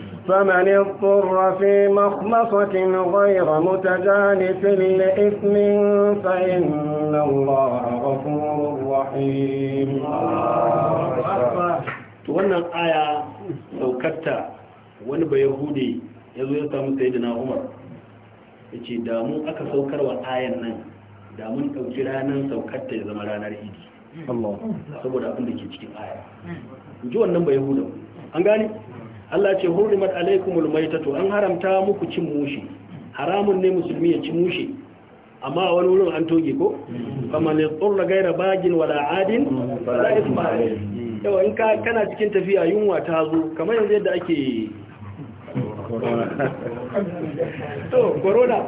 فمن اضطر في مخمصة غير متجانف لإثم فإن الله غفور رحيم wannan aya saukarta wani bai yahudi ya zo ya samu sai umar ya ce damun aka saukarwa ayan nan damun ɗauki ranar saukarta ya zama ranar idi saboda abin da ke cikin aya ji wannan bai yahudan an gane Allah ce hurrimat alaikumul maitatu an haramta muku cin mushi haramun ne musulmi ya ci mushi amma a wani wurin an toge ko kamar ne tsorra gaira bagin wala adin wala isma yau in ka kana cikin tafiya yunwa ta zo kamar yanzu yadda ake to corona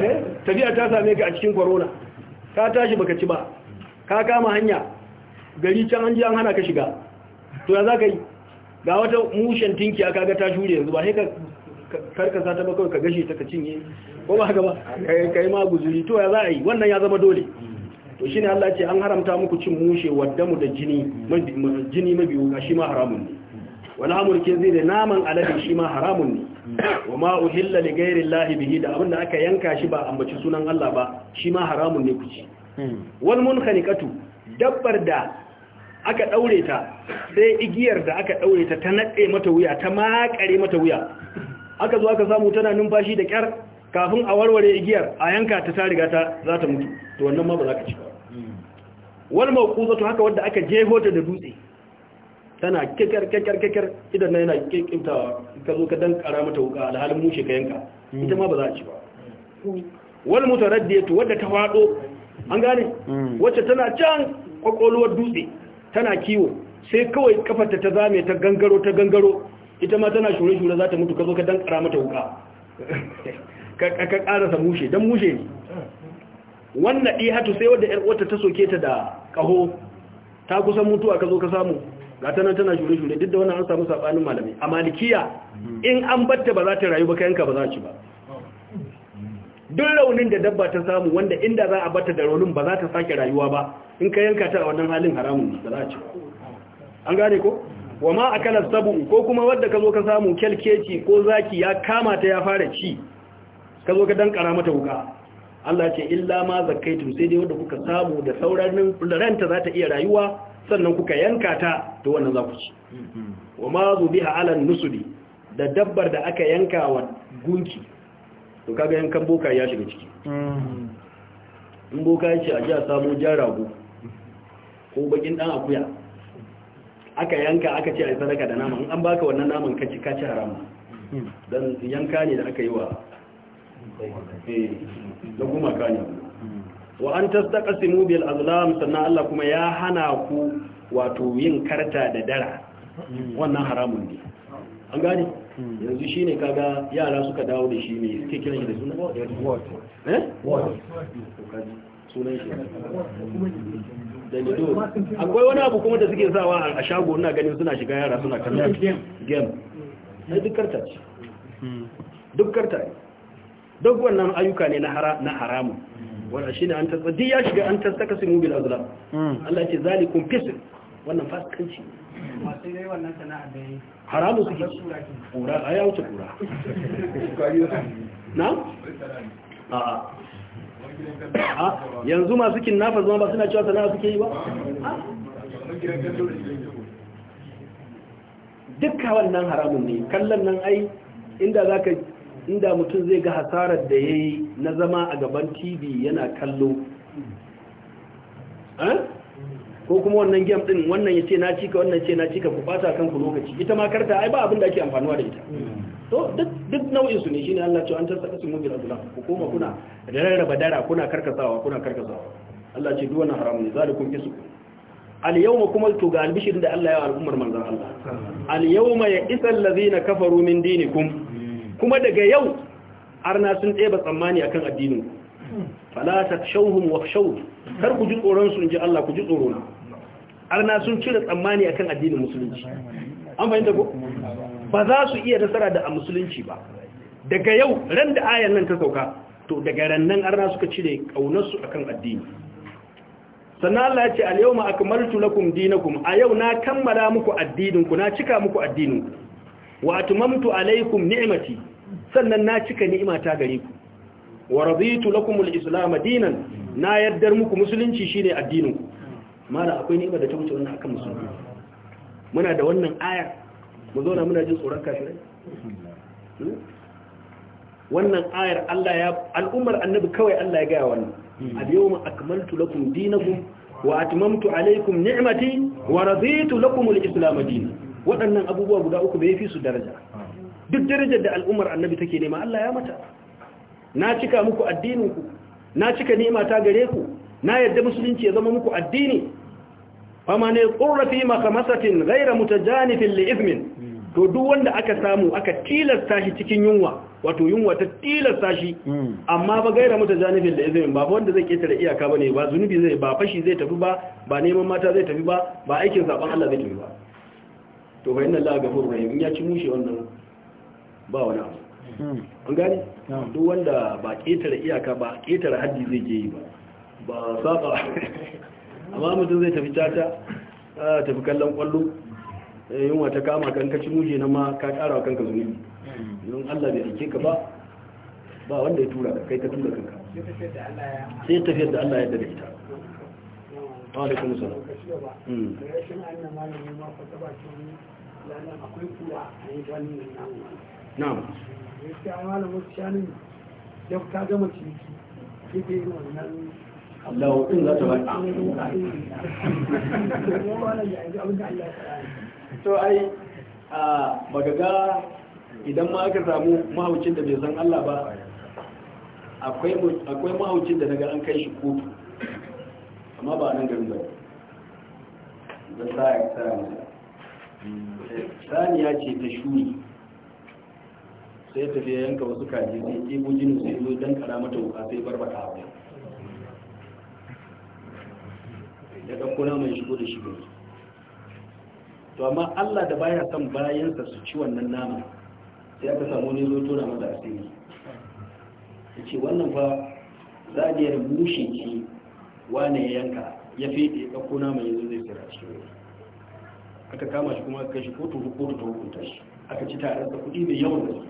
eh? tafiya ta same ka a cikin corona ka tashi baka ci ba ka kama hanya gari can an ji an hana ka shiga to ya za ka yi ga wata mushen tinkiya ga ta shure yanzu ba sai ka karkasa ta ba ka gashi ta ka cinye ko ba haka ba kai ma guzuri to ya za a yi wannan ya zama dole to shine Allah ce an haramta muku cin mushe wadda mu da jini jini mabiyu a shi ma haramun ne wala hamul zai da naman alade shi ma haramun ne wa ma uhilla li ghairi llahi bihi da abinda aka yanka shi ba ambaci sunan Allah ba shi ma haramun ne ku ci hmm. wal munkhaniqatu dabbar da aka ɗaure ta sai igiyar da aka ɗaure ta ta naɗe mata wuya ta makare mata wuya aka zo aka samu tana numfashi da ƙyar kafin a warware igiyar a yanka ta ta riga ta za ta mutu to wannan ma ba za ka ci ba wal to haka wanda aka jeho ta da dutse tana kekar kekar kekar idan na yana kekimtawa ka zo ka dan kara mata wuka alhalin mushe ka yanka ita ma ba za a ci ba wal mutaraddiyatu wadda ta fado an gane mm. wacce tana can kwakwalwar dutse tana kiwo sai kawai kafarta ta zame ta gangaro ta gangaro ita ma tana shure-shure za ta mutu ka zo ka dankara mata wuka ka karasa mushe don mushe ne wannan ihatu sai wadda wata ta soke ta da kaho ta kusan mutuwa ka zo ka samu ga tana tana shure-shure duk da wannan an samu sabanin malami a malikiya in an batta ba za ta rayu ba yanka ba za ci ba duk raunin da dabba ta samu wanda inda za a bata da raunin ba za ta sake rayuwa ba in ka yanka ta a wannan halin haramun da za a ci an gane ko wa ma akala sabu ko kuma wadda ka zo ka samu kyalkeci ko zaki ya kama ta ya fara ci ka zo ka kara mata wuka Allah ce illa ma zakaitum sai dai wanda kuka samu da sauranin ranta za ta iya rayuwa sannan kuka yanka ta to wannan za ku ci mm-hmm. wa ma zubiha ala nusuli da dabbar da aka yanka wa gunki to kaga kan boka ya shiga ciki mm. in boka ya ce a jiya samu jan rago ko bakin dan akuya aka yanka aka ce a yi sadaka da naman an baka wannan naman kaci kaci harama mm. don yanka ne da aka yi wa eh, da ka ne mm. wa an tastaqsimu bil azlam sannan Allah kuma ya hana ku wato yin karta da dara wannan haramun ne an gane Hmm. yanzu shi ne kaga yara suka dawo da shi ne suke kiran shi da suna eh? sunan shi dalido akwai wani abu kuma da suke sawa a shago na ganin suna shiga yara suna kallon game na duk karta ce hmm. duk karta ne duk wannan ayyuka ne na haramun hmm. wanda shi ne an tattaka ya shiga an tattaka mubil azra. Allah ce zalikun fisir. wannan fasikanci masu yi wannan sana'a da yi haramun kura a ya wuce kura na? a yanzu masu kinnafa zama ba suna cewa sana'a suke yi ba? dukka wannan haramun ne kallon nan ai inda za ka inda mutum zai ga hasarar da ya yi na zama a gaban tv yana kallo eh? ko kuma wannan game din wannan ya ce na cika wannan ce na cika ku bata kanku lokaci ita ma karta ai ba abin da ake amfanuwa da ita to duk nau'in su ne shine Allah ce an tasaka su mubira zulam ku koma kuna da rarraba dara kuna karkasawa kuna karkasawa Allah ce duk wannan haramun zalikum kisu al yawma kuma to ga albishirin da Allah ya wa al'ummar manzon Allah al yawma ya isal ladina kafaru min dinikum kuma daga yau arna sun ɗeba tsammani akan addinin ku fala takshawhum wakhshawni kar ku ji tsoron su inji Allah ku ji tsoro na arna sun cire tsammani akan addinin musulunci an fahimta ko ba za su iya nasara da a musulunci ba daga yau ran da ayan nan ta sauka to daga rannan arna suka cire kaunarsu akan addini sannan Allah ya ce al-yawma akmaltu lakum dinakum a yau na kammala muku addininku na cika muku addininku wa atmamtu alaykum ni'mati sannan na cika ni'imata gare ku wa raditu lakum al-islam dinan na yaddar muku musulunci shine addininku mala akwai ni'ima da ta wuce wannan akan musulmi muna da wannan ayar mu zauna muna jin tsoron kafirai hmm? wannan ayar Allah ya al'ummar annabi kawai Allah ya gaya wannan hmm. al-yawma akmaltu lakum dinakum wa atmamtu alaykum ni'mati wa raditu lakum al-islam dinan waɗannan abubuwa guda uku bai fi su daraja duk darajar da al'ummar annabi take nema Allah ya mata na cika muku addinin ku na cika ni'ima ta gare ku na yadda musulunci ya zama muku addini amma ne tsorra fi makamasatin gaira mutajanifin li'izmin to duk wanda aka samu aka tilasta shi cikin yunwa wato yunwa ta tilasta shi amma ba gaira mutajanifin li'izmin ba wanda zai ketare iyaka bane ba zunubi zai ba fashi zai tafi ba ba neman mata zai tafi ba ba aikin zaben Allah zai tafi ba to fa inna Allah ghafurur rahim in ya ci mushe wannan ba wani abu hmm. an gane duk wanda ba ketare iyaka ba ketare haddi zai je yi ba ba saba amma mutum zai tafi cata a tafi kallon kwallo eh, yin wata kama kankaci muje na ma ka kara wa kanka zunubi don Allah bai aike ka ba ba wanda ya tura ka kai ka tura kanka sai tafiyar da Allah ya dade ita wa alaikum salam mm na'am gaskiya malamin shanin yau ta gama ciki yake yin wannan Allah din za ta baka to ai baka idan ma aka samu mahaucin da bai san Allah ba akwai akwai mahaucin da daga an kai shi kotu amma ba nan garin ba da sa ya tsaya sani ya ce ta shuri sai tafiya yanka wasu kaji sai ɗebo jinin sai zo dan kara mata wuka sai barbata abu da ɗauko mai ya shigo da shi to amma Allah da baya son bayansa su ci wannan nama sai aka samu ne zo tona masa asiri ya ce wannan fa za a yi mushin ki wane ya yanka ya fete ya ɗauko nama ya zo zai tsira shi aka kama shi kuma aka kai kotu kotu ta hukunta shi aka ci tare da kuɗi mai yawan gaske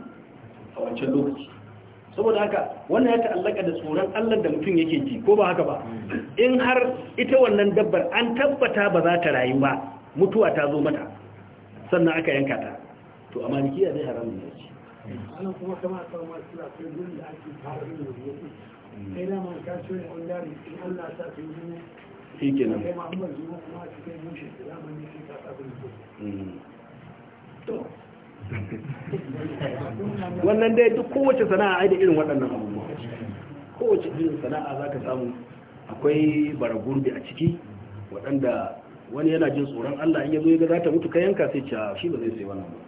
a wancan lokaci saboda haka wannan ya ta'allaka da tsoron Allah da mutum yake ji ko ba haka ba in har ita wannan dabbar an tabbata ba za ta rayu ba mutuwa ta zo mata sannan aka yanka ta to a malikiya zai haramun ya ce ne Allah to wannan dai duk kowace sana'a aida da irin waɗannan abubuwa kowace irin sana'a za ka samu akwai baragurbi a ciki waɗanda wani yana jin tsoron Allah in ya zo ya ga za ta mutu ka yanka sai ca shi ba zai sai wannan ba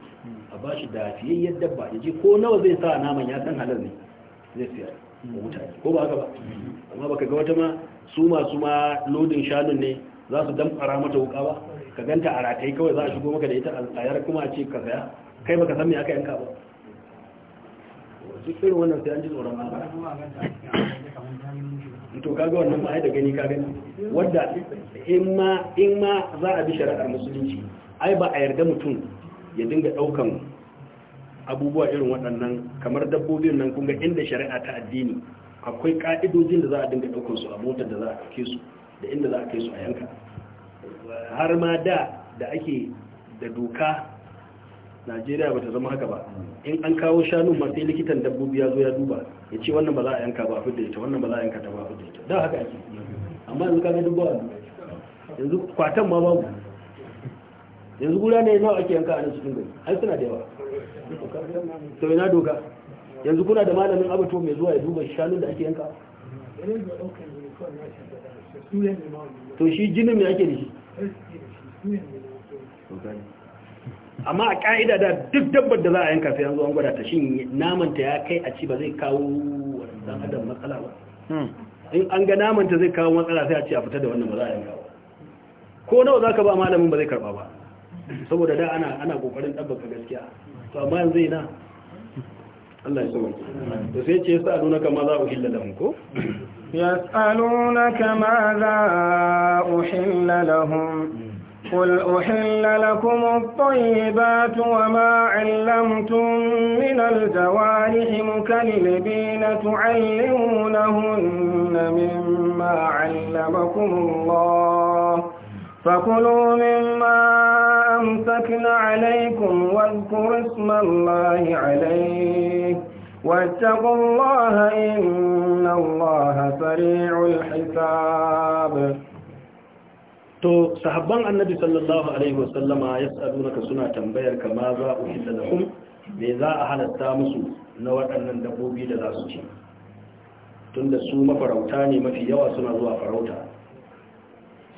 a ba shi da yadda dabba ya ji ko nawa zai sa naman ya san halar ne zai siya ko mutane ko ba haka ba amma baka ga wata ma su masu ma lodin shanun ne za su damfara mata wuka ba ka ganta a ratai kawai za a shigo maka da ita a tsayar kuma a ce ka saya kai baka san me aka yanka ba duk irin wannan sai an ji tsoron Allah to kaga wannan ba da gani ka gani wanda in ma in ma za a bi shari'ar musulunci ai ba a yarda mutum ya dinga daukan abubuwa irin waɗannan kamar dabbobin nan kun ga inda shari'a ta addini akwai ka'idojin da za a dinga daukan su a motar da za a kai su da inda za a kai su a yanka har ma da da ake da doka najeriya ba ta zama haka ba in an kawo shanu ma sai likitan dabbobi ya zo ya duba ya ce wannan ba za a yanka ba fidda ita wannan ba za a yanka ta ba fidda ita da haka ake amma yanzu kaga duk a yanzu kwatan ma babu yanzu gura ne nawa ake yanka a nan cikin gari ai suna da yawa to ina doka yanzu kuna da malamin abato mai zuwa ya duba shanun da ake yanka to shi jinin me ake da shi amma a ka'ida da duk dabbar da za a yanka sai an zo an gwada ta shi namanta ya kai a ci ba zai kawo wannan adam matsala ba hmm. in an ga namanta zai kawo matsala sai a ce a fita da wannan ba za a yanka ba ko nawa zaka ba malamin ba zai karba ba saboda da ana ana kokarin dabbaka gaskiya to amma yanzu ina Allah ya so to sai ce sa nuna kama za a uhilla lahum ko yas'alunaka ma za uhilla lahum قل أحل لكم الطيبات وما علمتم من الجوارح مكلبين تعلمونهن مما علمكم الله فكلوا مما أمسكن عليكم واذكروا اسم الله عليه واتقوا الله إن الله سريع الحساب to sahabban annabi sallallahu alaihi wasallama ya naka suna tambayar ka ma za a hila lahum me za a halatta musu na waɗannan dabbobi da za su ci tunda su mafarauta ne mafi yawa suna zuwa farauta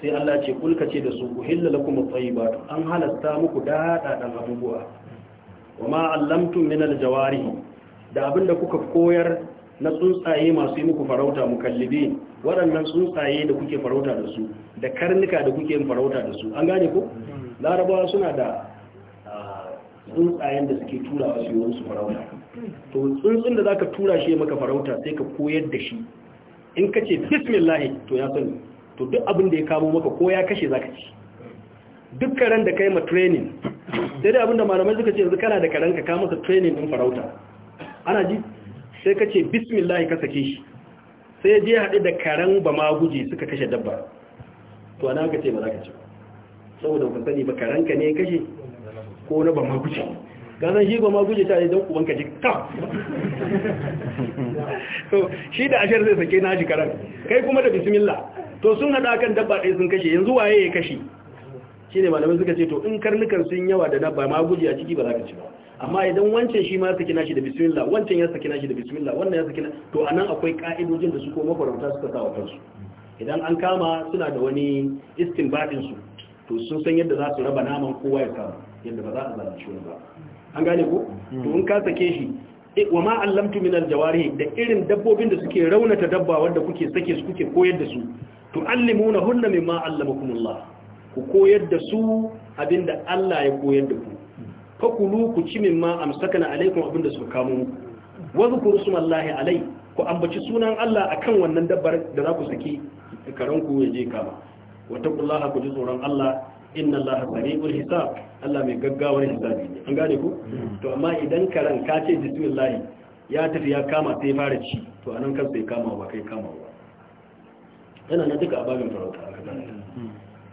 sai Allah ce kulka ce da su ku uhilla lakum at-tayyibat an halasta muku dada dan abubuwa ma allamtum min al-jawarihi da abinda kuka koyar na tsuntsaye masu yi muku farauta mukallibi waɗannan tsuntsaye da kuke farauta da su da karnuka da kuke farauta da su an gane ko larabawa suna da tsuntsayen da suke tura a siyon su farauta to tsuntsun da zaka tura shi maka farauta sai ka koyar da shi in ka ce bismillahi to ya sani to duk abin da ya kamo maka ko ya kashe zaka ci duk karen da kai ma training sai dai abin da malamai suka ce yanzu kana da karen ka ka masa training din farauta ana ji sai ka ce bismillah ka sake shi sai ya je haɗe da karen ba ma guje suka kashe dabba to ana ka ce ba za ka ce saboda ku sani ba karen ka ne kashe ko na ba ma guje ganin shi ba ma guje ta yi don kuban ka ji ka to shi da ashar zai sake na shi karen kai kuma da bismillah to sun haɗa kan dabba ɗaya sun kashe yanzu waye ya kashe shi ne malamai suka ce to in karnukan sun yawa da dabba ma guje a ciki ba za ka ce ba amma idan wancan shi ma ya saki nashi da bismillah wancan ya saki nashi da bismillah wannan ya saki to anan akwai ka'idojin da su ko makwarauta suka sa wa kansu idan an kama suna da wani istinbadin su to sun san yadda za su raba naman kowa ya samu yadda ba za a zalunci wani ba an gane ko hmm. to in ka sake shi wa ma allamtu min aljawarih da irin dabbobin da suke raunata dabba wanda kuke sake su kuke koyar da su to allimuna hunna mimma allamakumullah ku koyar da su abinda Allah ya koyar da ku fakulu ku ci mimma alaikun alaikum da suka kamo muku wa zkuru smallahi alai ku ambaci sunan Allah akan wannan dabbar da za ku saki ku ya je kama wa taqullaha ku ji tsoron Allah inna Allah sami'ul hisab Allah mai gaggawar hisabi an gane ku to amma idan karan ka ce bismillah ya tafi ya kama sai fara ci to anan kan sai kama ba kai kama ba yana nan duka ababin farauta aka gane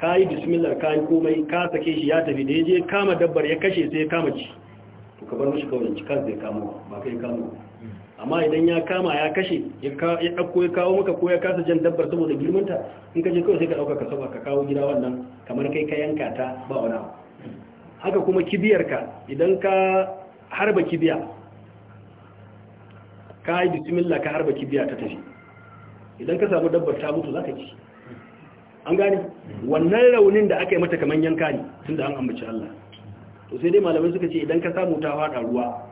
ka yi bismillah ka yi komai ka sake shi ya tafi da ya je kama dabbar ya kashe sai ya kama ci to ka bar mashi kawai ci kan ya kamo ba kai kamo amma idan ya kama ya kashe ya ɗauko ya kawo maka ko ya kasa jan dabbar saboda girmanta in ka je kawai sai ka ɗauka ka saba ka kawo gida wannan kamar kai ka yanka ta ba wani abu haka kuma kibiyar ka, idan ka harba kibiya ka yi bismillah ka harba kibiya ta tafi idan ka samu dabbar ta mutu za ka ci an gane wannan raunin da aka yi mata kamar yanka ne tun da an ambaci Allah to sai dai malamai suka ce idan ka samu ta fada ruwa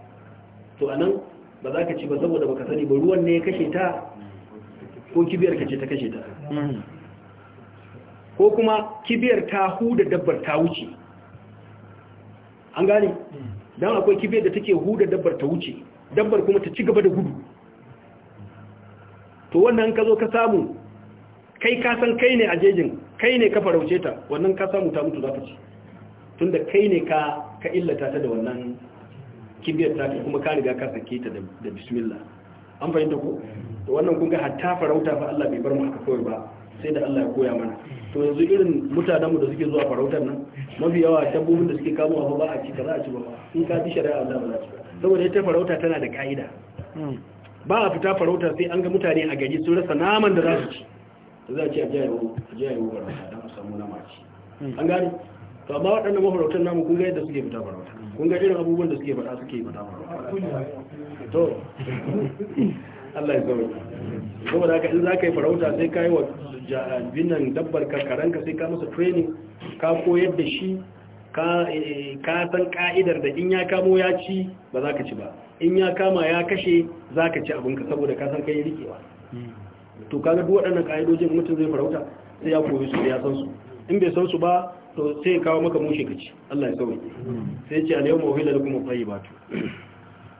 to anan ba za ka ci ba saboda baka sani ba ruwan ne ya kashe ta ko kibiyar ka ce ta kashe ta ko kuma kibiyar ta huda dabbar ta wuce an gane don akwai kibiyar da take huda dabbar ta wuce dabbar kuma ta ci gaba da gudu to wannan ka zo ka samu kai ka san kai ne a jejin kai ne ka farauce ta wannan ka samu ta mutu za ta ci tunda kai ne ka ka illata ta da wannan kibiyar ta kuma ka riga ka sake ta da bismillah an fahimta ko to wannan kun ga hatta farauta fa Allah bai bar mu haka kawai ba sai da Allah ya koya mana to yanzu irin mutanenmu da suke zuwa farautar nan mafi yawa dabbobin da suke kamo ba a ci kaza a ci ba in ka bi shari'a Allah ba za ci saboda ita farauta tana da ka'ida hmm. ba a fita farauta sai an ga mutane a gari sun rasa naman da za su ci to za ce a jayewo a jayewo barauta don a samu na mace hmm. an gani to amma waɗannan mafarautan namu kun ga yadda suke fita barauta kun ga irin abubuwan da suke faɗa suke fita barauta to Allah ya zaune kuma da in za ka yi farauta sai ka yi wa binan dabbar karkaranka sai ka masa training ka koyar da shi eh, ka san ka'idar da in ya kamo ya ci ba za ka ci ba in ya kama ya kashe za ka ci abinka saboda ka san kai rikewa hmm. to kaga duk waɗannan ka'idojin mutum zai farauta sai ya koyi su ya san su in bai san su ba to sai kawo maka mushe kaci Allah ya sauke sai ce al-yawma uhilla lakum at-tayyibatu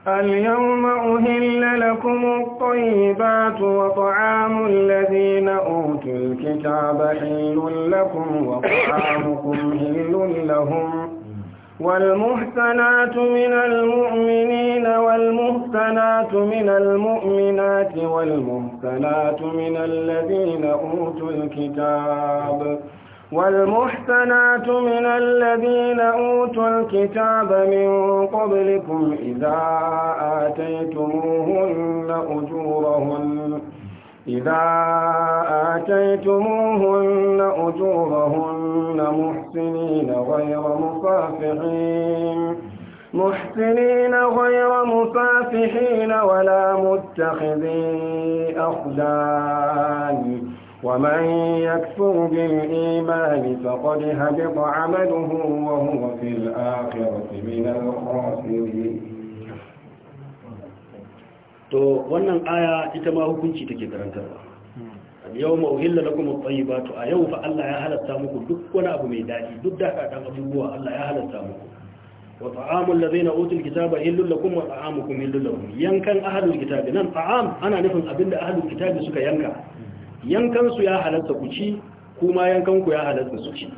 al-yawma uhilla lakum at-tayyibatu wa ta'amu alladhina utul kitaba hillun lakum wa ta'amukum hillun lahum والمحسنات من المؤمنين والمحسنات من المؤمنات والمحسنات من الذين أوتوا الكتاب والمحسنات من الذين أوتوا الكتاب من قبلكم إذا آتيتموهن أجورهن إذا آتيتموهن أجورهن محسنين غير مصافحين محسنين غير مصافحين ولا متخذي أخدان ومن يكفر بالإيمان فقد هبط عمله وهو في الآخرة من الخاسرين to wannan aya ita ma hukunci take karantarwa yau ma'uhilla na kuma tsayi ba to a yau fa Allah ya halatta muku duk wani abu mai daɗi duk da ɗan abubuwa Allah ya halatta muku wa ta'amul ladaina utul kitaba illul lakum wa ta'amukum illul lahum yankan ahlul kitabi nan ta'am ana nufin abinda ahlul kitabi suka yanka yankan su ya halatta ku ci kuma yankan ku ya halatta su ci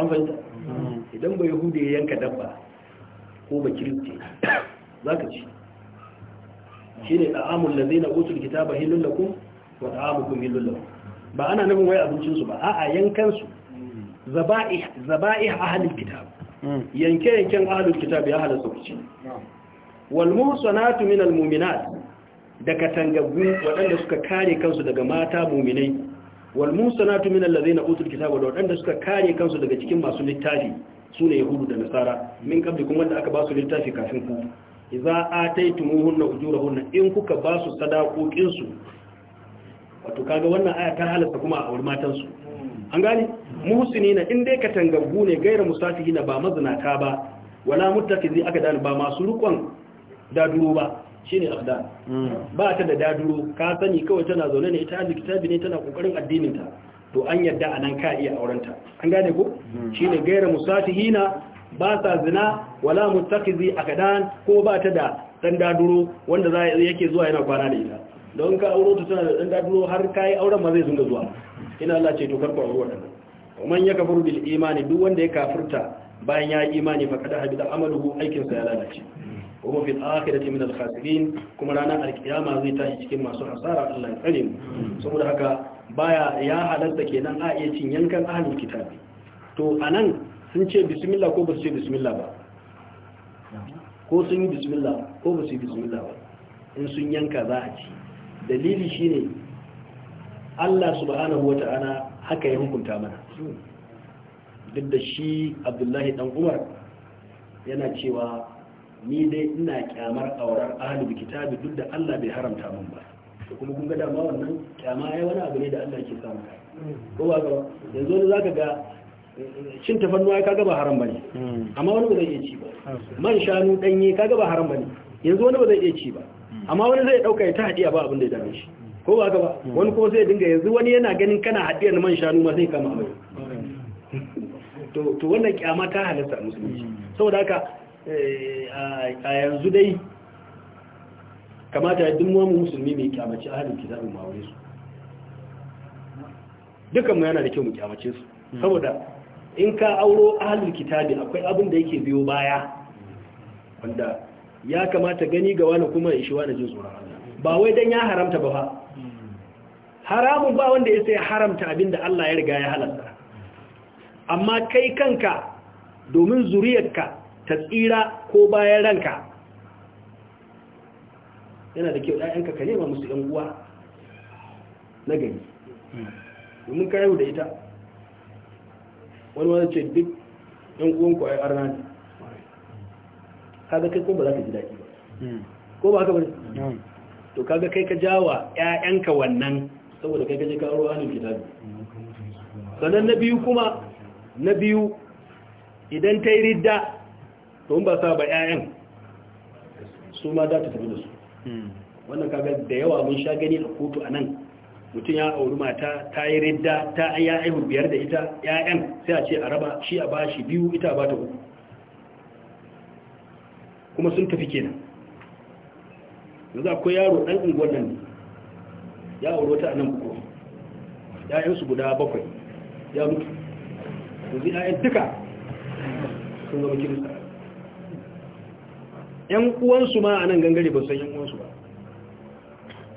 an fahimta mm. idan bai hude yanka dabba ko ba kiristi za ka ci shi ne ɗa'amun da zai na utul kitaba ba hillun lakum wa ɗa'amukun hillun lakum ba ana nufin wai abincinsu ba a'a yankansu zaba'i a halin kitab hmm. yanke-yanken halin kitab ya halar sauki hmm. walmun sanatu min almuminat daga katangaggu waɗanda suka kare kansu daga mata muminai walmun sanatu min allazai na utul kitab waɗanda suka kare kansu daga cikin masu littafi su ne yahudu da nasara min kabli kuma wanda aka ba su littafi kafin ku idza ataytumuhunna ujurahunna in kuka ba su sadakokin su wato kaga wannan aya ta halatta kuma a wurin matan su an gane muhsinina in dai ka tangabbu ne gaira musafihina ba mazinata ba wala aka akadan ba masu da daduro ba shine afdal ba ta da daduro ka sani kawai tana zaune ne ita alkitabi kitabi ne tana kokarin addinin ta to an yadda anan ka iya aurenta an gane ko shine gaira musafihina ba sa zina wala mutakizi a kadan ko ba ta da dan daduro wanda za yake zuwa yana kwana da ita don ka auro ta tana da dan daduro har yi auren ma zai zunga zuwa ina Allah ce to karku auro wadannan man ya kafaru bil imani duk wanda ya kafurta bayan ya yi imani fa kada habida amaluhu aikin sa ya lalace kuma fil akhirati min al khasirin kuma ranar alkiyama zai tashi cikin masu hasara Allah ya tsare saboda haka baya ya halatta kenan a iya cin yankan ahlul kitabi to anan sun ce bismillah ko ba su ce bismillah ba ko sun yi bismillah ko ba su yi bismillah ba in sun yanka za a ci dalili shine Allah subhanahu wata'ala haka ya hukunta mana duk da shi abdullahi dan umar yana cewa ni dai ina kyamar aurar ahlul kitabi duk da Allah bai haramta min ba to kuma kun ga dama wannan kyama ai wani abu ne da Allah ke samu ko ba ga yanzu ne zaka ga cin tafannuwa kaga ba haram bane hmm. amma wani ba zai iya ci ba ah, man shanu danye kaga ba haram bane yanzu wani ba zai iya ci ba hmm. amma wani zai dauka ya ta hadiya ba abin da ya dame shi ko ba ka ba hmm. wani kuma zai dinga yanzu wani yana ganin kana na man shanu ma zai kama mai to wannan kyama ta halatta musulunci saboda haka eh, a yanzu dai kamata duk mu musulmi mai kyamaci ahlul kitabin mawarisu dukan mu yana da kyau mu kyamace su saboda in ka auro ahalin kitabi akwai abin da yake biyo baya wanda ya kamata gani ga wani kuma ya shi wani jin tsoron ba wai dan ya haramta ba fa haramun ba wanda ya sai haramta abin da Allah ya riga ya halatta amma kai kanka domin zuriyarka ta tsira ko bayan ranka yana da kyau ɗayanka ka nema musu ‘yan uwa na gani hmm. domin ka yau da ita wani wani ce duk yan uwan ku ai arna ne kaga kai ko ba za ka ji daɗi ba ko ba haka ba to kaga kai ka jawa ƴaƴanka wannan saboda kai ka je karo aro hannun kitabi sannan na biyu kuma na biyu idan ta yi ridda to ba sa ba ƴaƴan su ma za ta tafi da su hmm. wannan kaga da yawa mun sha gani a kotu a nan mutum ya auri mata ta yi ridda ta ya aihu biyar da ita ya'yan sai a ce a raba shi a bashi biyu ita a bata uku kuma sun tafi kenan yanzu akwai yaro ɗan unguwar nan ne ya auri wata a nan buko ya'yansu guda bakwai ya mutu yanzu ya'yan duka sun zama kirista yan uwansu ma a nan gangare ba san yan uwansu ba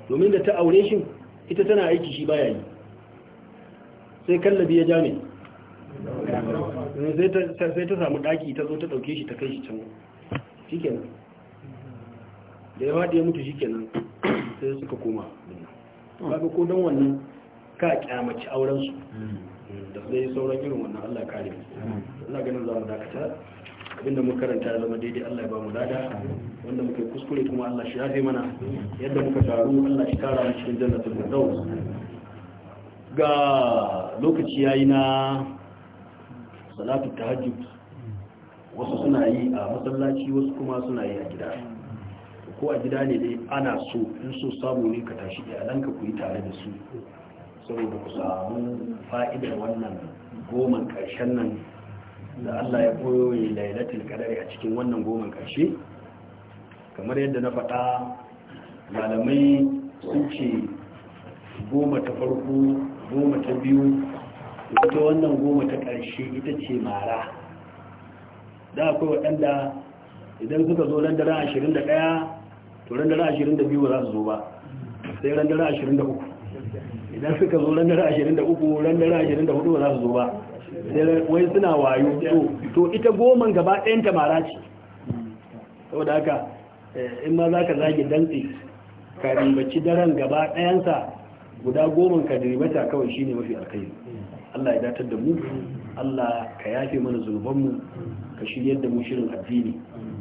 domin da ta aure shi ita tana aiki shi baya yi sai kallabi ya jami sai ta samu daki ta zo ta dauke shi ta kai shi can shikenan da ya faɗi ya mutu shikenan sai suka koma kaga ko don wannan ka kyamaci auren su hmm. da sai sauran irin wannan Allah kare hmm. Allah ganin za mu dakata abinda muka karanta zama daidai Allah ya ba mu lada wanda muke kuskure kuma Allah shi yafe mana yadda muka taru Allah shi kara mu cikin jannatul firdaus ga lokaci yayi na salatu tahajjud wasu suna yi a masallaci wasu kuma suna yi a gida ko a gida ne dai ana so in so samu ne ka tashi alanka ku yi tare da su saboda ku samu fa'idar wannan goman karshen nan da Allah ya koyo yi lailatul qadari a cikin wannan goman karshe kamar yadda na faɗa malamai sun ce goma ta farko goma ta biyu ita wannan goma ta ƙarshe ita ce mara da akwai waɗanda idan suka zo ran daren 21 to ran daren 22 ba za su zo ba sai ran daren 23 idan suka zo ran daren 23 ran daren 24 ba za su zo ba wai suna wayo to ita goman gaba ɗayan tamara ce saboda haka eh, in ma za ka zagi dantse ka ribaci daren gaba ɗayansa guda goman ka ribata kawai shine mafi alkhairi Allah ya datar da mu Allah ka yafe mana zunubanmu ka shiryar da mu shirin addini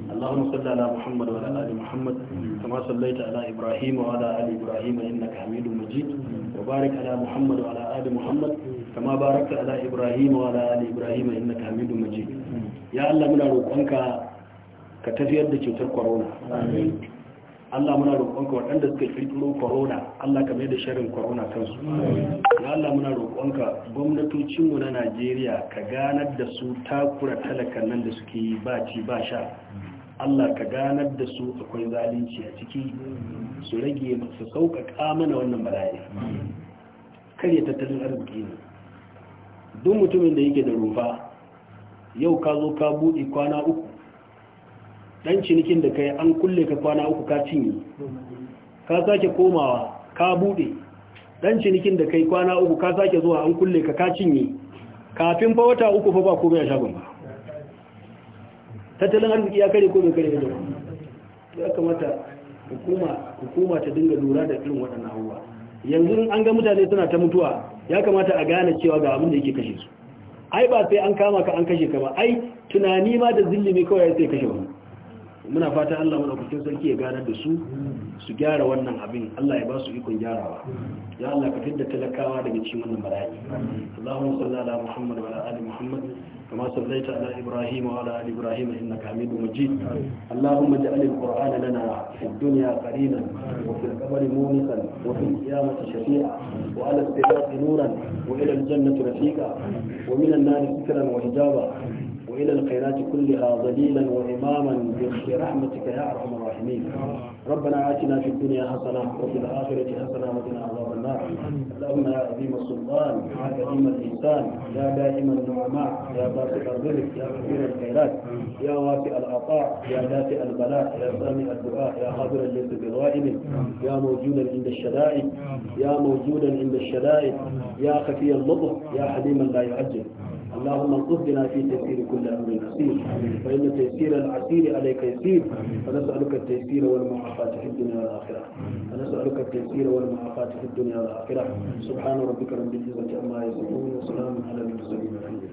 اللهم صل على محمد وعلى ال محمد كما صليت على ابراهيم وعلى ال ابراهيم انك حميد مجيد وبارك على محمد وعلى ال محمد kama barakta ala ibrahim wa ala ali ibrahim innaka hamidum majid ya Allah muna roƙonka ka tafiyar da cutar corona amin Allah muna roƙonka waɗanda suka ƙirƙiro corona Allah ka mai da sharin corona kansu ya Allah muna roƙonka gwamnatocinmu na Najeriya ka ganar da su takura talakan nan da suke yi ba ci ba sha Allah ka ganar da su akwai zalunci a ciki su rage su sauƙaƙa mana wannan bala'i kar ya tattalin arziki ne duk mutumin da yake da rufa yau ka zo ka buɗe kwana uku ɗan cinikin da kai an kulle ka kwana uku ka cinye ka sake komawa ka buɗe ɗan cinikin da kai kwana uku ka sake zuwa an kulle ka ka cinye kafin fa wata uku fa ba ko a shagon ba tattalin arziki ya kare ko bai kare da ya kamata hukuma hukuma ta dinga lura da irin waɗannan abubuwa yanzu an ga mutane suna ta mutuwa ya kamata a gane cewa ga abin da yake kashe su ai ba sai an kama ka an kashe ka ba ai tunani ma da zillimi kawai sai kashe wani muna fata Allah madaukakin sarki ya gane da su su gyara wannan abin Allah ya ba su ikon gyarawa ya Allah ka fidda talakawa daga cikin wannan bala'i Allahumma salli ala Muhammad wa ala ali Muhammad كما صليت على إبراهيم وعلى آل إبراهيم إنك حميد مجيد اللهم اجعل القرآن لنا في الدنيا قرينا وفي القبر مونسا وفي القيامة شفيعا وعلى الصراط نورا وإلى الجنة رفيقا ومن النار سترا وإلى الخيرات كلها ظليلا وإماما برحمتك يا أرحم الراحمين ربنا آتنا في الدنيا حسنة وفي الآخرة حسنة وقنا عذاب النار اللهم يا عظيم السلطان يا كريم الإنسان يا دائم النعماء يا باسط الرزق يا كثير الخيرات يا وافي العطاء يا دافئ البلاء يا سامع الدعاء يا حاضر ليس بغائب يا موجودا عند الشدائد يا موجودا عند الشدائد يا خفي اللطف يا حليما لا يعجل اللهم انقذنا في تيسير كل امر عسير فان تيسير العسير عليك يسير فنسالك التيسير والمعافاه في الدنيا والاخره فنسالك التيسير والمعافاه في الدنيا والاخره سبحان ربك رب العزه عما يصفون وسلام على المرسلين